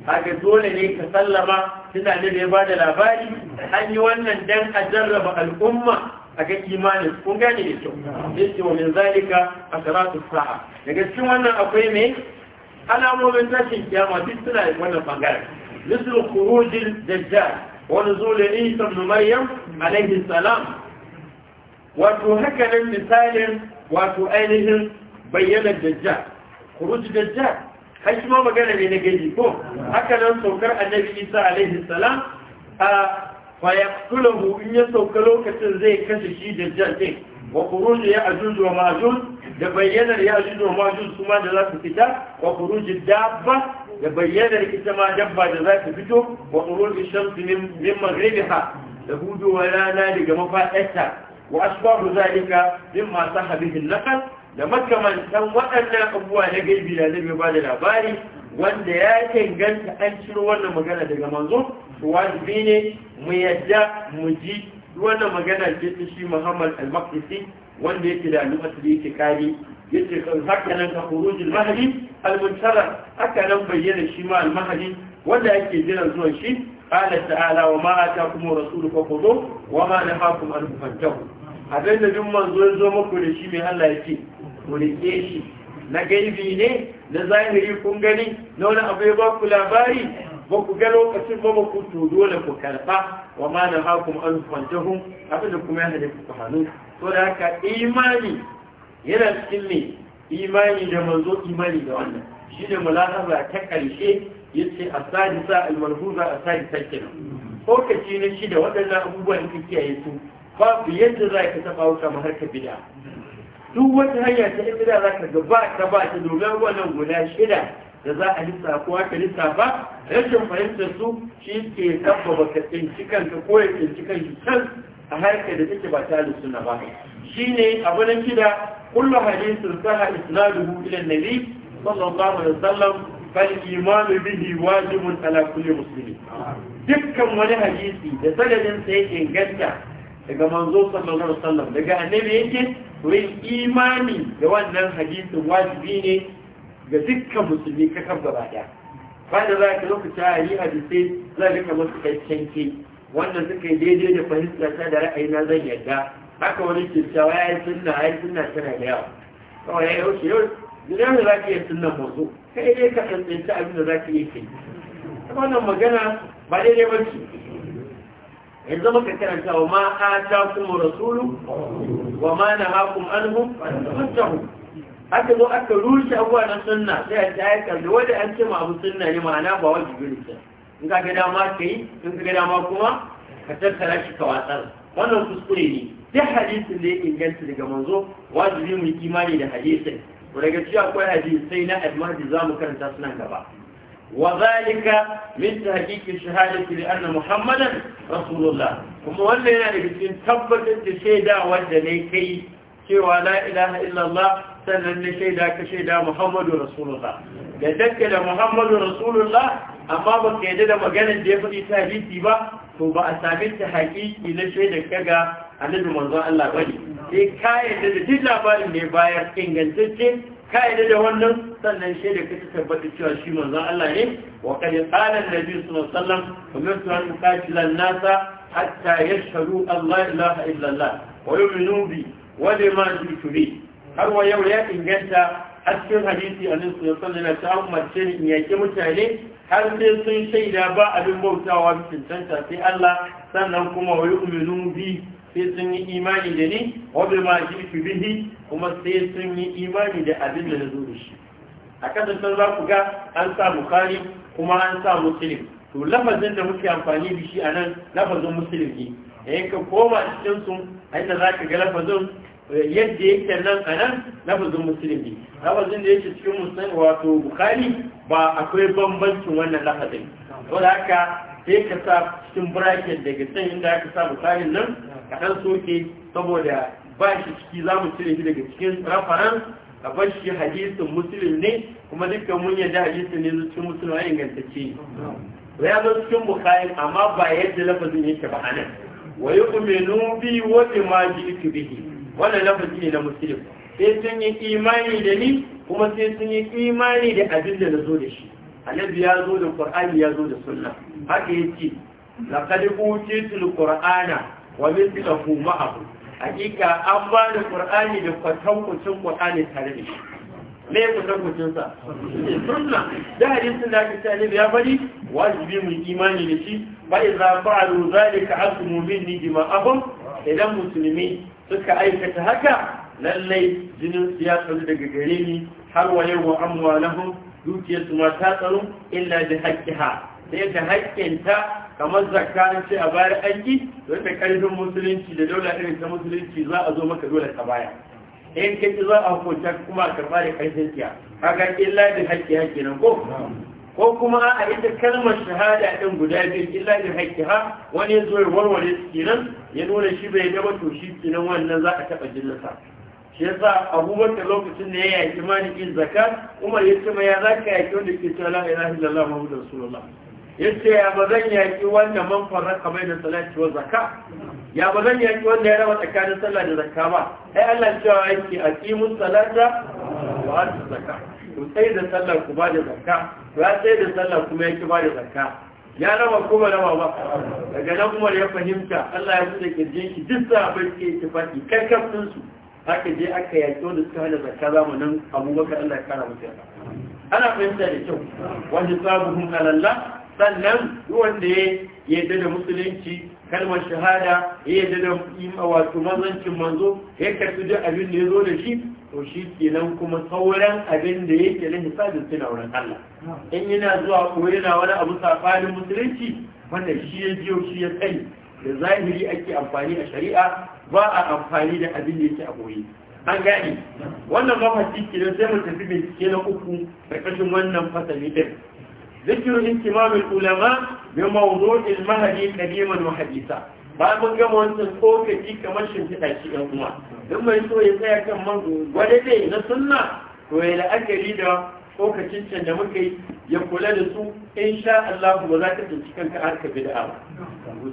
haka dole ne ka sallama suna ne ya bada labari an yi wannan dan a jarraba al'umma a ga imanin kun gane da kyau ne ce min zalika a karatu sa'a daga cikin wannan akwai mai alamomin tashin kiyama duk suna da wannan bangare misal khurujil dajjal wa nuzul isa ibn maryam alayhi salam wato haka misalin wato ainihin bayyana dajjal khuruj dajjal har ma magana ne na gani ko haka nan saukar annabi isa alaihi salam a fayaqtuluhu in ya sauka lokacin zai kashe shi da din wa khuruj ya ajuj wa majuj da bayyanar ya ajuj wa majuj kuma da za su fita wa khuruj dabba da bayyanar ita ma dabba da za su fito wa khuruj shamsi min maghribiha da hudu wa rana daga mafadarta wa asbahu zalika mimma sahabihi nakal da makamantan waɗannan abubuwa na gaibi da zai ba da labari wanda ya danganta an ciro wannan magana daga manzo wajibi ne mu yadda mu ji wannan magana ce ta shi Muhammad al-Maqdisi wanda yake da lokaci da yake kari yace kan haka nan ka khurujul mahdi al-muntara haka nan bayyana shi ma al-mahdi wanda yake jiran zuwan shi qala ta'ala wa ma atakum fa khudhu wa ma nahakum an tufajjahu Abinda da duk manzo ya zo muku da shi mai Allah yake ku riƙe shi na gaibi ne na zahiri kun gani na wani abu ya ba ku labari ba ku ga lokacin ba ba ku tudu dole ku karɓa wa ma na hakum an kwantahum abin da kuma ya hada ku hannu to da haka imani yana cikin ne imani da manzo imani da wannan shi ne mulahaza ta ƙarshe yace asadisa almarhuza asadisa kenan lokaci na shida waɗannan abubuwan da kiyaye su babu yadda za ka taɓa wuta ma harka bida duk wata hanya ta da za ka ga ba ta ba ta domin wannan guda shida da za a ko aka lissafa rashin fahimtar su shi ke sabbaba ka tsinci kanka ko ya tsinci kanki can a harkar da take ba ta suna ba shine abu na shida kullu hadithin saha isnaduhu ila nabi sallallahu alaihi wasallam fal iman bihi wajibun ala kulli muslimin dukkan wani hadisi da sanadin sa yake inganta daga manzo sallallahu alaihi wasallam daga annabi yake to imani da wannan hadisin wajibi ne ga dukkan musulmi ka kan gaba daya ba da za ka lokaci a yi hadisi za ka rika masu kai wannan suka yi daidai da fahimta ta da ra'ayi na zan yarda haka wani ke cewa ya yi sunna ya yi sunna tana da yawa kawai ya yi yau yau da za ka yi sunna mazo kai dai ka tsantsanci abin da za ka yi kai wannan magana ba daidai ba ce yanzu zama ka karanta wa ma ta kuma rasulu wa ma na hakun anhu fattahu aka zo aka rushe abuwa na sunna sai a ta yi da wanda an ce ma abu sunna ne ma'ana ba wajen ne ta in ka ga dama ka yi in ka ga dama kuma ka tattara shi ka watsar wannan kuskure ne duk hadisin da ya inganta daga manzo wajibi mu imani da hadisin daga ci akwai hadisai na almahdi za mu karanta sunan gaba وذلك من تحقيق الشهادة لأن محمدا رسول الله كما وانا يعني بسين تبت الشيدة وجنيكي سوى لا إله إلا الله سنن شيدة كشيدة محمد رسول الله يدك محمد رسول الله أما بك يدد مجانا ديفتي تحديثي با فبا أسامي تحقيقي لشيدة كغا أنه منظر الله بني إيه كاية تدل بارن يباير إنجنسة ka da wannan sannan shi da kace tabbata cewa shi manzon Allah ne wa qad qala an-nabi sallallahu alaihi wasallam umirtu an uqatila nasa hatta yashhadu an la ilaha illa Allah wa yu'minu bi wa bima jitu bi har wa yau ya inganta a cikin hadisi a nan sallallahu alaihi wasallam umarce ni in yake mutane har sai sun shaida ba abin bautawa mutuntanta sai Allah sannan kuma wa yu'minu bi sai sun yi imani da ni wadda ma shi fi bihi kuma sai sun yi imani da abin da na zo da shi a kasashen za ku ga an sa bukari kuma an sa musulun to lafazin da muke amfani da shi a nan lafazin musulun ne ka koma cikin sun a inda za ka ga lafazin eh, yadda yake nan a nan lafazin musulun ne lafazin da yake cikin musulun wato bukari ba akwai bambancin wannan lafazin sai ka sa cikin bracket daga can inda aka sa bukarin nan ka dan soke saboda ba shi ciki za mu cire shi daga cikin reference a bar shi hadisin musulun ne kuma dukkan mun yadda hadisin ne cikin musulun ya ingantacce ne ya zo cikin bukarin amma ba yadda lafazin yake ba anan wa yi umenu bi ma ji bihi wannan lafazi ne na musulun sai sun yi imani da ni kuma sai sun yi imani da abin da na zo da shi annabi ya zo da qur'ani ya zo da sunna haka yake laqad utitul qur'ana wa mithluhu ma'ahu hakika an ba da qur'ani da kwatankwacin qur'ani tare da shi me kwatankwacin sa sunna da hadisin da aka ya bari wajibi mu imani da shi ba idza fa'alu zalika asmu minni dima'ahum idan musulmi suka aikata haka lallai jinin su ya daga gare ni har wa yau wa amwalahum dukiyar su ma ta tsaro illa bi ha. sai da haƙƙinta kamar zakka na ce a bayar aiki don da ƙarfin musulunci da daula irin ta musulunci za a zo maka dole ka baya in ka za a hukunta kuma a karɓa da ƙarfin tiya haka illa bi haqqiha kenan ko ko kuma a ita kalmar shahada ɗin guda biyu illa da ha wani ya zo ya warware su kenan ya nuna shi bai gaba to shi kenan wannan za a taɓa jillasa shi yasa abubakar lokacin da ya yaki mani kin zakat umar ya ce ma ya zaka yaki wanda ke cewa la ilaha illallah muhammadur rasulullah yace ya ce ya ba zan yaki wanda man farraka bai da salati wa zakat ya ba zan yaki wanda ya raba tsakanin sallah da zakka ba ai Allah cewa yake aqimus salata wa atuz zakat to sai da sallar ku ba da zakka ya sai da sallar kuma yake ba da zakka ya raba kuma raba ba daga nan umar ya fahimta Allah ya bude kirjin shi duk sa bai ke tafi karkafin su aka je aka yaƙi da suka hana zakka zamanin abubakar Allah ya kara mutu ana fahimta da kyau wanda sabuhun alalla sannan wanda ya yadda da musulunci kalmar shahada ya yadda da wato mazancin manzo ya karfi duk abin da ya zo da shi to shi kenan kuma sauran abin da nan na hisabin suna wurin Allah in yana zuwa koyana yana wani abu safarin musulunci wanda shi ya jiyo shi ya tsayi da zahiri ake amfani a shari'a ba a amfani da abin da yake a goyi an gane wannan mafasi kenan sai mu tafi bincike na uku karkashin wannan fasali din ذكر اهتمام العلماء بموضوع المهدي قديما وحديثا ba mun gama wancan tsokaci kamar shimfiɗa shi ɗan kuma don mai so ya tsaya kan man gwada na sunna to ya la'akari da tsokacin can da muka yi ya kula da su in sha Allah ba za ka tsinci kanka har ka bid'a ba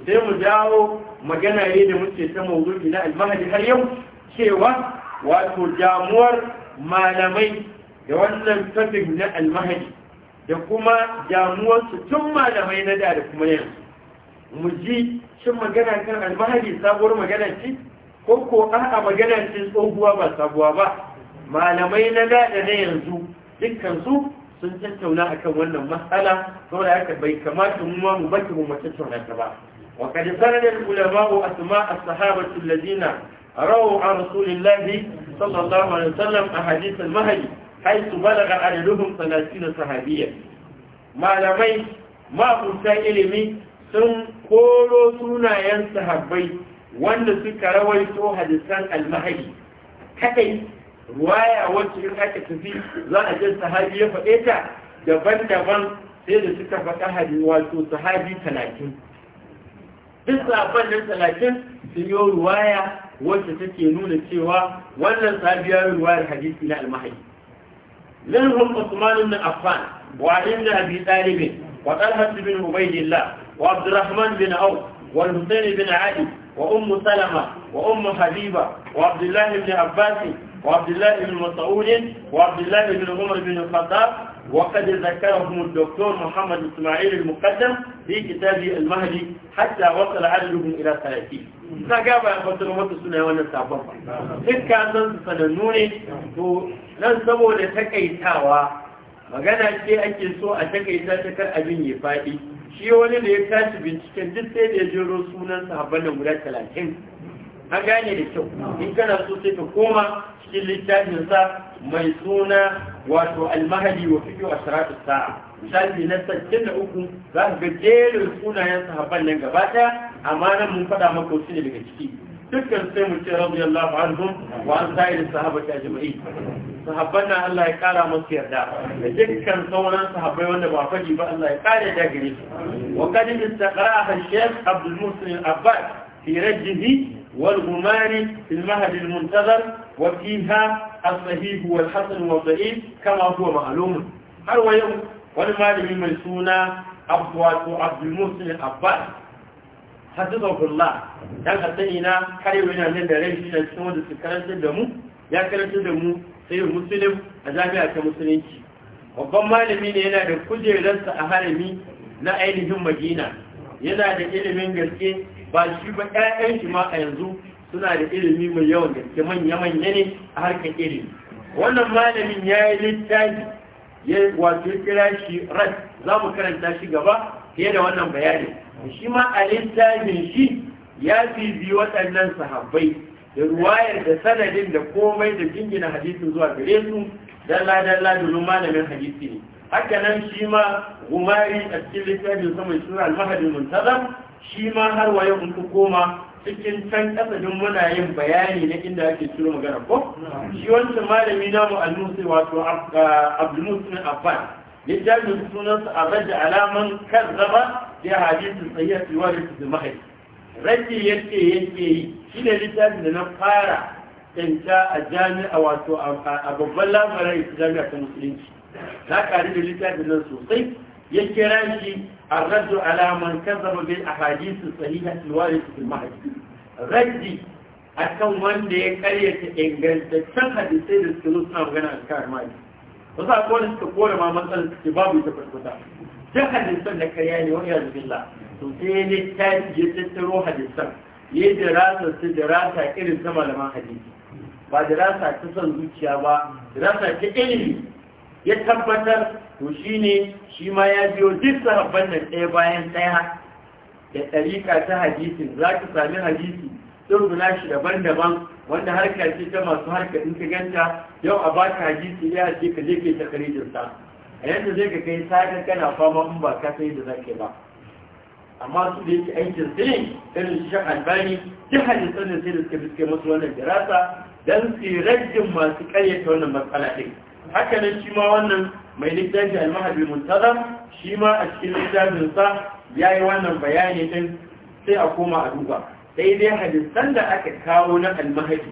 sai mu jawo magana ne da muke ta mawuzi na almahadi har yau cewa wato damuwar malamai da wannan topic na almahadi da kuma damuwar su tun malamai na da da kuma yanzu mu ji shin magana kan almahadi sabuwar magana ce ko ko a'a magana ce tsohuwa ba sabuwa ba malamai na da da na yanzu dukkan su sun tattauna akan wannan matsala saboda aka bai kamata mu ma mu baki mu tattauna ta ba wa kad sanadul ulama'u asma' as-sahabatu alladhina rawu an rasulillahi sallallahu alaihi wasallam ahadith al-mahdi haythu balagha adaduhum 30 sahabiyya malamai ma ilimi sun koro sunayen sahabbai wanda suka rawaito hadisan al-mahdi kadai waya wacce in aka tafi za a jan sahabi ya faɗe ta daban-daban sai da suka faɗa hadi wato sahabi talatin. Duk sabon nan talatin sun yi ruwaya wacce take nuna cewa wannan sahabi ya yi ruwayar hadisi na almahadi. Min hum Usmanu bin Affan wa Ibn Abi Talib wa Talha bin Ubaydillah wa Abdurrahman bin Auf wa bin Ali wa Umm Salama wa Umm Habiba wa Abdullah bin Abbas وعبد الله بن مسعود وعبد الله بن عمر بن الخطاب وقد ذكرهم الدكتور محمد إسماعيل المقدم في كتابه المهدي حتى وصل عددهم إلى 30 فقام يقتل موت السنة والنسابة إذ أنت سننوني ننسبه لتكيتاوا magana ce ake so a takaita ta kar abin ya faɗi shi wani da ya tashi binciken duk sai da ya jero sunan sahabban da guda talatin an gane da kyau in kana so sai ka koma cikin sa mai suna wato almahadi wa fiƙi wa shiratu sa'a misali na sassin da uku za ka ga jerin sunayen sahabban nan gaba ɗaya amma nan mun faɗa maka wasu ne daga ciki dukkan sai mu ce radiyallahu anhum wa an sa'ir sahabati jima'i. sahabban nan Allah ya kara masu yarda da dukkan sauran sahabbai wanda ba faɗi ba Allah ya kare ya gare su wa kadin istaqra'a shaykh Abdul Abbas في رجه والغمان في المهد المنتظر وفيها الصحيح والحسن والضعيف كما هو معلوم هل ويوم والمالي من سونا أبوات عبد المحسن الأباس حفظه الله dan a sani na karewa yana nan da rai shi da cikin wanda su karantar da mu ya karantar da mu sai musulun a jami'a ta musulunci babban malami ne yana da kujerarsa a harami na ainihin madina yana da ilimin gaske ba shi ba ƴaƴan shi ma a yanzu suna da ilimi mai yawan gaske manya-manya ne a harkar ilimi wannan malamin ya yi littafi ya wato kira shi rat za mu karanta shi gaba fiye da wannan bayani shi ma a littafin shi ya biyu waɗannan sahabbai da ruwayar da sanadin da komai da jingina hadisin zuwa gare su dalla-dalla domin malamin hadisi ne haka nan shi ma gumari a cikin littafin saman al mahadin muntazam shi ma har waye in ku koma cikin can kasadin muna yin bayani na inda ake ciro magana ko shi wancan malami namu al-musi wato abdul musin abbas sunan sunansa a da alaman kazzaba da ya sayyar siwar da mahai rage yake yake yi shi ne littafin da na fara tsanca a jami'a wato a babban lamarin jami'a ta musulunci na ƙari da littafin nan sosai ya kira shi الرد على من كذب بالأحاديث الصحيحة الواردة في المهدي ردي akan wanda ya karyata ingantaccen hadisai da suke zo suna magana a kan mali wasu akwai wanda suka kore ma matsalar suke babu ita kwatkwata duk hadisan da karya ne wani yanzu billa to sai ne ta ya tattaro hadisan ya yi dirasa su dirasa irin ta malaman hadisi ba dirasa ta son zuciya ba dirasa ta ilimi ya tabbatar to shine shi ma ya biyo duk sahabban nan ɗaya bayan ɗaya da ɗariƙa ta hadisin za ka sami hadisi guna shi daban-daban wanda harka ce ta masu harka in ka ganta yau a ba ka hadisi ya ce ka je kai sa a yadda zai ka kai saka kana fama in ba ka sai da zaka ba amma su da yake aikin sirri irin shi albani duk hadisan da sai da suka biske musu wannan dirasa don su yi rajin masu ƙaryata wannan matsala ɗin haka nan shi ma wannan mai littafi almahadi muntazam shi ma a cikin littafinsa ya yi wannan bayani din sai a koma a duba sai dai hadisan da aka kawo na almahadi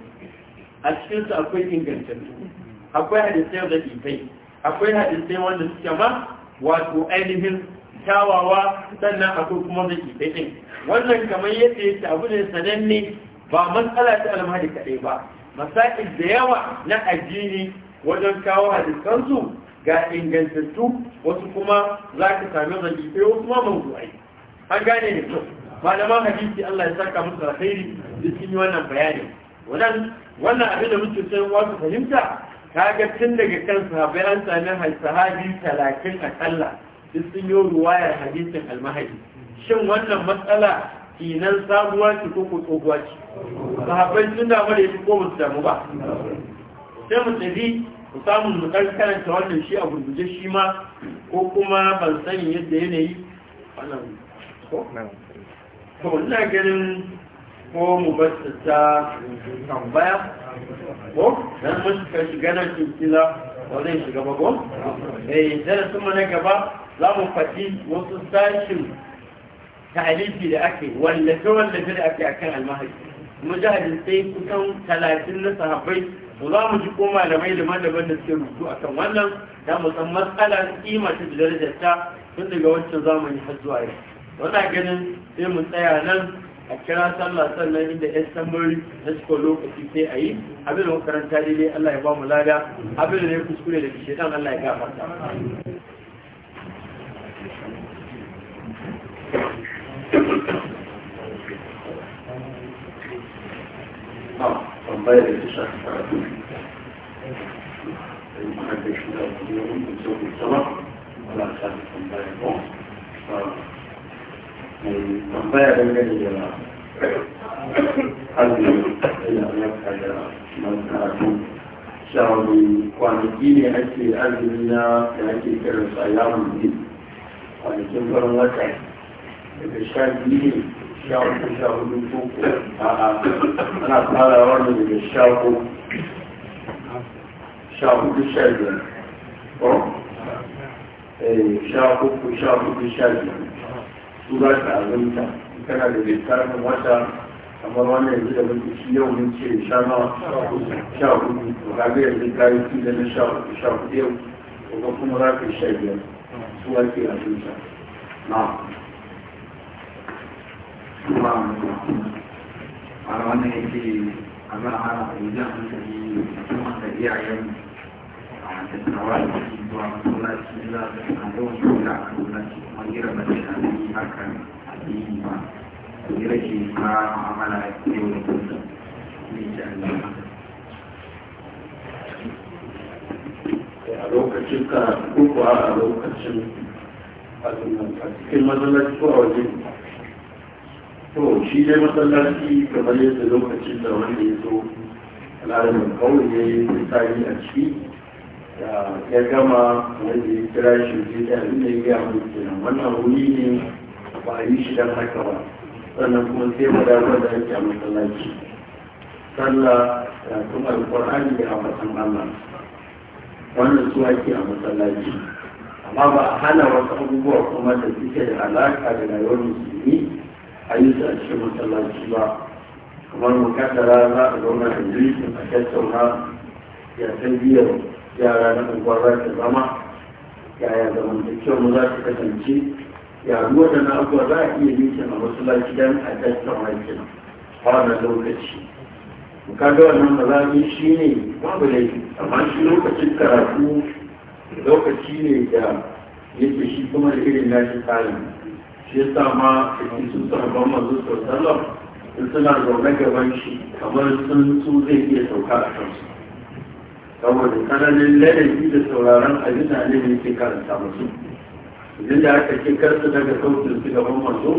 a cikinsu akwai ingantattu akwai hadisai da ifai akwai hadisai wanda suke ma wato ainihin kyawawa sannan akwai kuma da ifai wannan kamar yadda yake abu ne sananne ba matsala ta almahadi kaɗai ba masa'il da yawa na addini wajen kawo hadisansu ga ingantattu wasu kuma za ka sami sai wasu ma mawudu'ai an gane da kyau malaman hadisi Allah ya saka musu alkhairi da cikin yi wannan bayani wannan wannan abin da muke wa wasu fahimta kaga tun daga kan sahabbai an sami sahabi talatin akalla duk sun yi ruwayar hadisin almahadi shin wannan matsala kinan sabuwa ce ko tsohuwa ce sahabbai sun damu da fi ko ba su damu ba sai mu tafi ku samu mu karanta wannan shi a gurguje shi ma ko kuma ban sani yadda yanayi wannan ko to ina ganin ko mu ta tambaya ko dan mun ka shiga nan kila wannan shiga ba ko eh darasin mu na gaba za mu faɗi wasu sashin talifi da ake wallafe wallafe da ake akan almahadi mujahidin sai kusan talatin na sahabbai to za mu ji koma malamai da malaman da suke rubutu a kan wannan da mu san matsalar kima ta darajar ta tun daga wancan zamani har zuwa yau wannan ganin sai mu tsaya nan a kira sallah sannan inda ya tambayi na cikin lokaci sai a yi abin da makaranta daidai Allah ya ba mu lada abin da ne kuskure da shaitan Allah ya gafarta Thank you. غير الشخص المحدش له اليوم بسوق السمك ولا خالف البيع فالبيع الذي قبل إلى أن يبحث مزرعة شعبي kwanaki ne ake azumi na da ake kiransa yawon ne kwanakin farin wata daga sha biyu ko a'a ana farawa ne daga sha uku sha hudu ko sha su ta azumta kana da littafin wata kamar wannan yanzu da muke shi yau mun ce sha nawa sha hudu ka yi fi da na sha hudu sha kuma ka yi sha biyar su imam a wannan yake a ana wajen hankali kuma da iyayen a tattawa da shi zuwa masallaci za su na yawan kula a masallaci kuma gira da shi a yi hakan addini ba a yi rage ta ma'amala yau da kullum yi ke a lokacin karatu ko a lokacin a cikin masallaci ko a wajen to shi dai masallaci kamar yadda lokacin da wanda ya zo al'adamin kawai ya yi tsari a ciki ya gama wanda ya kira shi je da inda ya gaya mu kenan wannan wuri ne ba a yi shi don haka ba sannan kuma sai mu dawo da yake a masallaci sallah da kuma alƙur'ani da ambatan Allah wannan su ake a masallaci amma ba a hana wasu abubuwa kuma da suke da alaƙa da rayuwar musulmi a a cikin masallaci ba kamar mukatara za a zauna da jirgin a tattauna ya san biyar yara na unguwar za ta zama yaya kyau mu za ta kasance ya na abuwa za a iya yi a masallaci don a tattauna kenan a wannan lokaci kaga wannan mazaɓi shi ne babu laifi amma shi lokacin karatu lokaci ne da yake shi kuma da irin nashi tsarin shi yasa ma cikin su sarrafa mazu sallam in suna zaune gaban shi kamar sun su zai iya sauka a kansu saboda tsananin ladabi da sauraron abinda da ne ke karanta musu idan da aka ce kar daga sautin su gaban mazu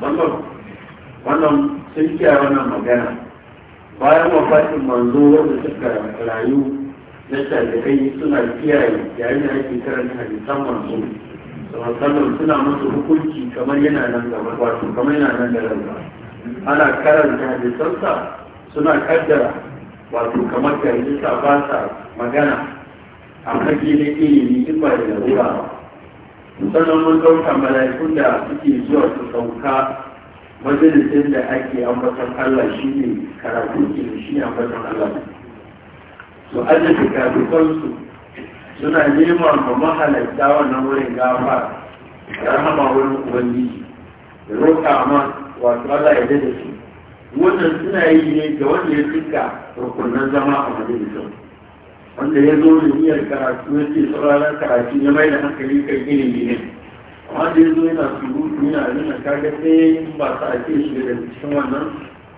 sallam wannan sun kiya wannan magana bayan wafatin manzo wanda suka rayu na kai suna kiyaye yayin da ake karanta hadisan manzo sallallahu suna musu hukunci kamar yana nan gaba wato kamar yana nan da gaba ana karanta hadisansa suna kaddara wato kamar da hadisansa ba sa magana a kake na ilimi in ba da larura ba sannan mun ɗauka mala'ikun da suke zuwa su sauka majalisin da ake ambatan Allah shi ne karatu ke shi ne ambatan Allah su ajiye kafin su suna neman ma mahalarta wannan wurin gafa rahama wurin wani da roƙa ma wasu Allah ya da su. wannan suna yi ne ga wanda ya tsika rukunan zama a majalisar wanda ya zo da niyyar karatu ya ce sauraron karatu ya mai da hankali kan ilimi ne amma da ya zo yana surutu yana nuna kaga sai ba sa ake shi daga cikin wannan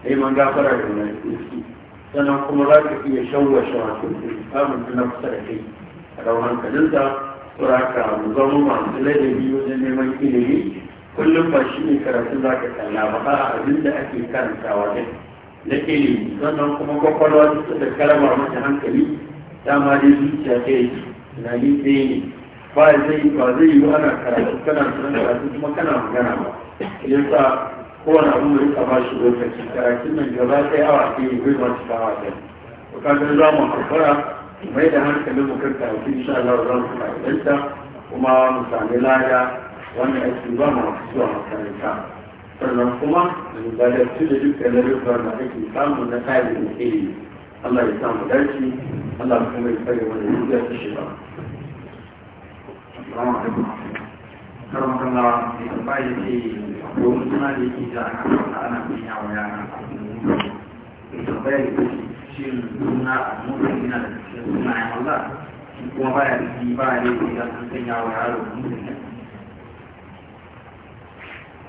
neman gafara da wani sannan kuma za ka iya shawwashe wato samun na kusa da kai a ɗau hankalinsa suraka zama masu ladabi wajen neman ilimi kullum ba shi ne karatu za ka kalla ba a abin da ake karantawa ne na ilimi sannan kuma kwakwalwa ta da karama mata hankali dama dai zuciya ta yi tunani ɗaya ne ba zai ba zai yi ana karatu kana tunan karatu kuma kana magana ba sa kowane abu mai ba shi lokaci karatun nan gaba ɗaya awa ke ɗaya bai ba kawa ɗaya. Bukatun za mu fara. mai da hankalin mu kan tafi insha Allah zan mu fa'idanta kuma mu sami lada wannan aiki ba mu zuwa makaranta sannan kuma mu gadarci da dukkan lalurwar da ake samu na tsarin ilimi Allah ya samu dace Allah kuma ya tsare wani zuciya ta shi ba. Assalamu alaikum. Karon kalla mai tambaya domin suna da yake da ana kunya wa yana. Tambayar da shin suna mutum yana da suna ya Allah kuma baya da shi baya da shi da sun sanya wa yaro mutum ne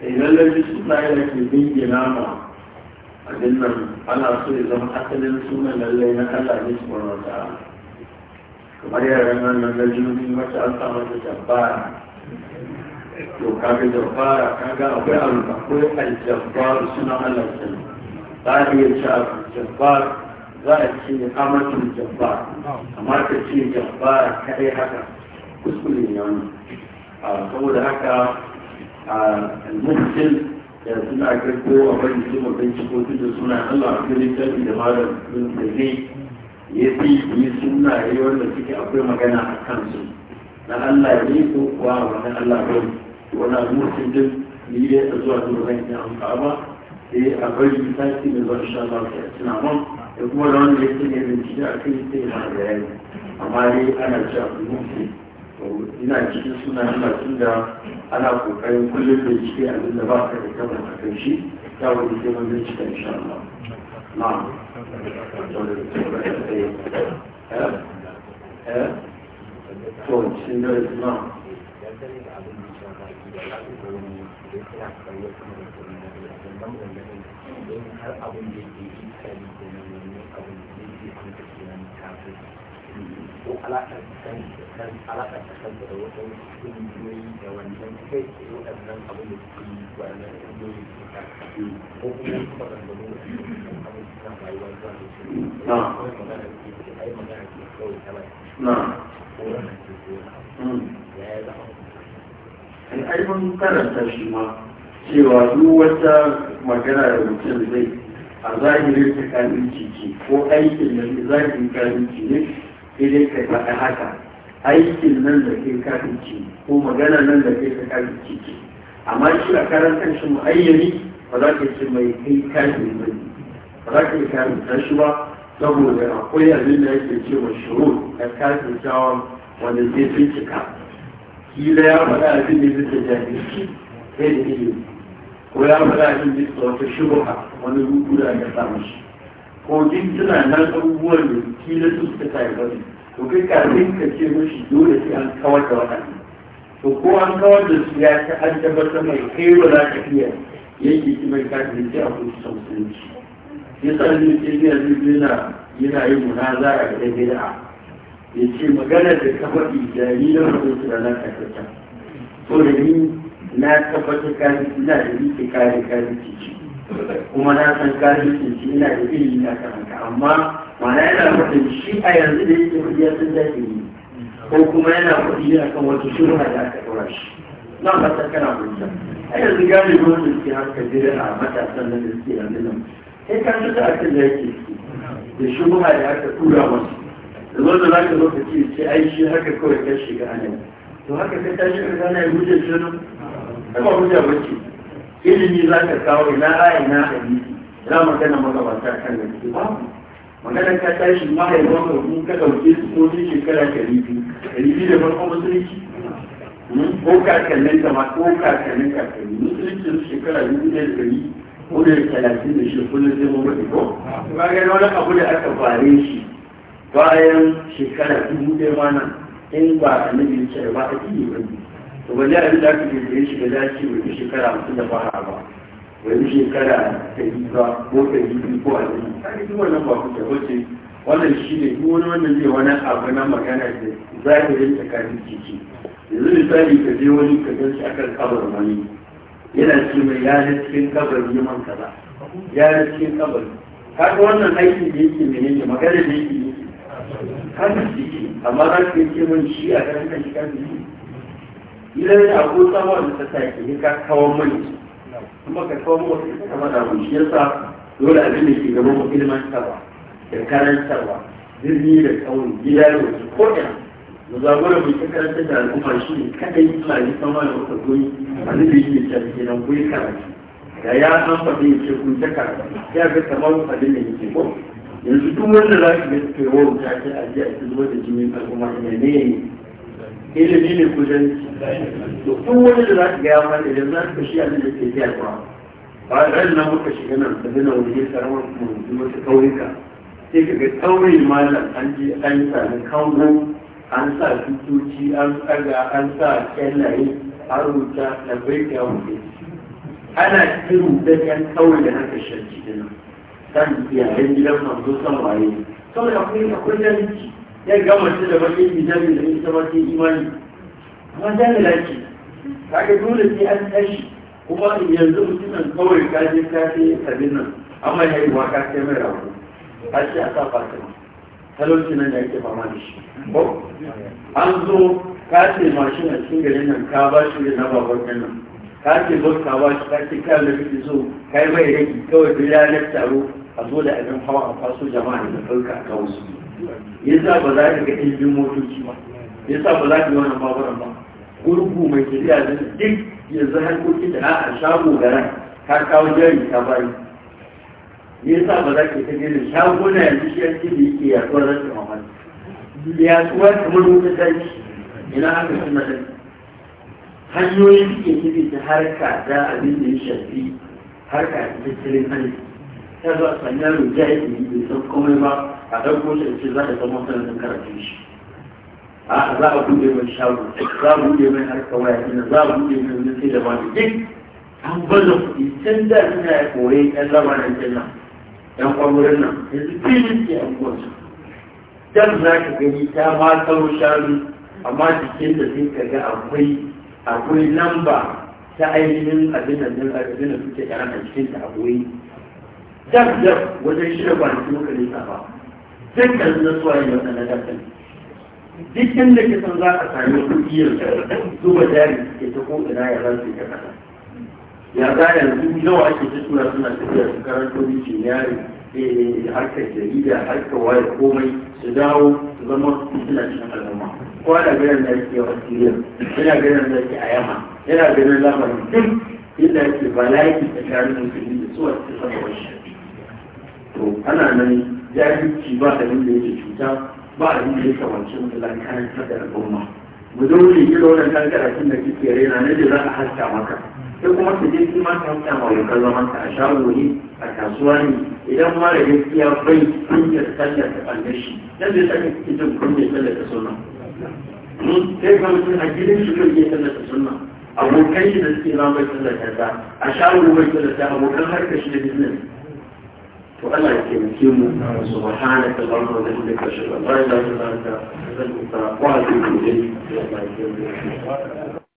idan lalle suna yana ke bingina ma abin nan ana so ya zama asalin suna lalle na Allah ne su wani wata kamar yaran nan nan lallin wata an samu da jabbara to kaga jabbara kaga akwai abu akwai aljabbar suna Allah ne ba iya ci abu jabbar za a ce amatin jabbar amma ka ce jabbar kadai haka kuskure ne wani saboda haka al-muhsin da suna kirko a bari su mu binciko su da suna Allah a cikin littafi da malam da ne ya fi yi suna yi wanda suke akwai magana a kansu na Allah ya ko kuwa wani Allah bai wani muhsin din ni ya a zuwa zuwa zan yi ba sai a bari misali da zuwa sha ba da kuma da wanda yake ne bincike a kai sai na bayani amma dai ana cewa mutu ina cikin suna ina tun da ana kokarin kullum bincike a da ba ka da kamar a kai shi ya wani sai mun eh, eh, cikin da samu gangamin don har abin da ke yi kari ko wani abin da zai yi an da ke nan kafin ko alaƙar kan alaƙar ta kanta da wata da wannan kai ke waɗannan abin da suke yi waɗannan ko kuma da suke yi abin da rayuwar zuwa da su ne magana ke ce ai magana ke kawai ta lafi ko wani ke ko wani abu hmm. ya yi zama ai karanta shi ma cewa duk wata magana da mutum zai a zahirin ta kaminci ce ko aikin nan zahirin kaminci ne idan ka faɗa haka aikin nan da kai kaminci ko magana nan da ke ka kaminci ce amma shi a karantar shi mu'ayyani ba za ka ce mai kai kafin ba ba za ka yi kafin shi ba saboda akwai abin da yake ce wa shuru na kafin shawar wanda zai cika kila ya faɗa abin da zai ta jahilci sai da ilimi ko ya faɗa shi bisa wata shubuha wani rubu da ya samu shi ko jin suna nan abubuwan da kila su suka tayi wani to kai kafin ka ce mashi dole sai an kawar da waɗannan to ko an kawar da su ya ta an tabbatar mai kai ba za ka iya yanki ki mai kafin sai a kuma sauranci ya sa ne ce ne yanzu yana yana yin a munazara da a? ya ce magana da ka faɗi da ni na faɗin su da na kafin so da ni na tabbatar kari, ina da kari kari ke ci kuma na san ke ci ina da ilimi na karanta amma mana yana mutum shi a yanzu da yake kudi ya san daɗi ne ko kuma yana kudi ne kan wata shirma da aka ɗora shi na fata kana kunta. a yanzu gane wanda suke haka jira a matasan nan da suke yanzu nan sai ka da aka da yake da shirma da aka tura masu da zo da za ka zo ka ce ai shi haka kawai ka shiga a nan to haka sai ta shi ka na yi hujjar shi nan ba ilimi za ka kawo ina aya na hadisi ina magana magabata kan gaske ba magana ka tashi mahaifin ka ka dauke su ko ni shekara ɗari biyu ɗari biyu da farko musulunci hmm? ko kakannin ka ma ko kakannin kakanni musulunci su shekara dubu ɗaya da ko da talatin da shi kullum sai mun faɗi ko ba ga wani abu da aka fare shi bayan shekara dubu ɗaya ma nan in ba a nabi ce ba a ƙi ba ne to ba ya da aka yi shi da dace bai fi shekara mutum da fara ba bai fi shekara ta yi ba ko ta yi biyu ko a yi a yi wannan ba kuta wace wannan shi ne duk wani wannan zai wani abu na magana da zahirin tsakanin ciki yanzu misali ka je wani ka gan shi akan kabar wani yana ce mai yanar cikin kabar neman kaza yanar cikin kabar kaga wannan aikin da yake menene magana da yake kafirci amma za ka yi min shi a kan kan shi kafirci idan ya ko sama da ta sa ke ka kawo mani kuma ka kawo mani wata kama da mun shi yasa dole abin da ke gaban mu ilmantarwa da karantarwa birni da kauye gida da wasu ko'ina mu zamu da mu karantar da al'umma shi ne kada yi tunani sama da wata goyi a zai yi mai tafi kenan goyi karatu da ya an faɗi ya ce kun ta karatu ya ga kamar abin da yake ko yanzu duk wanda za ka gani kai wau ta ce a ji a ci da jinin al'umma ne ne ilimi ne kusan to duk wanda da za ka gaya ma idan za ka shi abin da ke ji al'umma ba ɗan nan muka shiga nan da zina wani ya kuma mu wata kaurika sai ka ga kaurin malam an ji an sami kango an sa tutoci an tsaga an sa kyallaye har rubuta da bai kyawun wuce ana irin da kyan kaurin da haka shan cikin nan kan iyayen gidan manzo san waye saboda akwai akwai jahilci ya gama mace da bakin hijabi da ita ma sai imani amma jahila ce kaga dole sai an tashi kuma in yanzu mutumin kawai ka je ka ce sabin nan amma ya yi waka sai mai rawo ka ce a sa fatima talauci nan ya ke fama da shi an zo ka mashin a cikin garin nan ka ba shi na babar nan ka ce bautawa shi ka ce kan da kake so kai mai rage kawai duk ranar taro a zo da abin hawa a faso jama'a da ɗauka a kawo su yasa ba za ka ga ɗimbin motoci ba yasa ba za ka yi wannan baburan ba gurgu mai shari'a da duk yanzu harkoki da a shago garan ka kawo jari ka bayi yasa ba za ka ta gani shagona yanzu shi yanzu da yake yaduwar rashin mamaki yaduwar kamar wuta tashi ina haka suna tashi hanyoyin suke nufi ta harka da abin da ya shafi harka ta tattalin arziki ta zuwa sanya ruja ya yi bai san komai ba a ɗauko shi ce za a zama sanatan karatun shi a za a buɗe mai shago za a buɗe mai harka waya ina za a buɗe mai wani sai da bani duk an baza kuɗi can da ina ya koyi ɗan labarin ɗin nan ɗan kwamurin nan yanzu filin ke an gwansu dan za ka gani ta ma taro shanu amma jikin da sai ka ga akwai akwai lamba ta ainihin abin nan abin da suke yaran a cikin ta akwai dab dab wajen shirya kwanaki muka nisa ba duk da na suwaye na waɗannan dabban duk inda ke san za ka sami kuɗi yanzu zuba jari ke ta ko ina ya za su ta kasa ya za yanzu nawa ake ta tura suna tafiya su karanto bikin yari eh, eh, harkar jarida harkar waye komai su dawo su zama suna cikin al'umma kowa da ganin da yake wa siriyan yana ganin da yake a yama yana ganin lamarin duk inda yake bala'i tsakanin musulmi da suwa ta saba shi to ana nan jahilci ba yin da yake cuta ba a abin da yake wance mutulan kayan da al'umma mu dole ki da wannan karatun da kike raina ne da za a haska maka sai kuma su je kima ta hanya mawukan zaman ta a shago a kasuwa ne idan mara gaskiya bai kunyar sallar ta ɓangar shi yadda sanya cikin jin kunyar sallar ta sunan sai ga mutum a gidan shi kan yi sallar sunna abokan shi da suke zama mai sallar kaza a shawarar mai sallar ta abokan harkar shi da business to Allah ya taimake mu subhanaka allahumma wa bihamdika ashhadu an la ilaha illa anta astaghfiruka wa atubu ilayk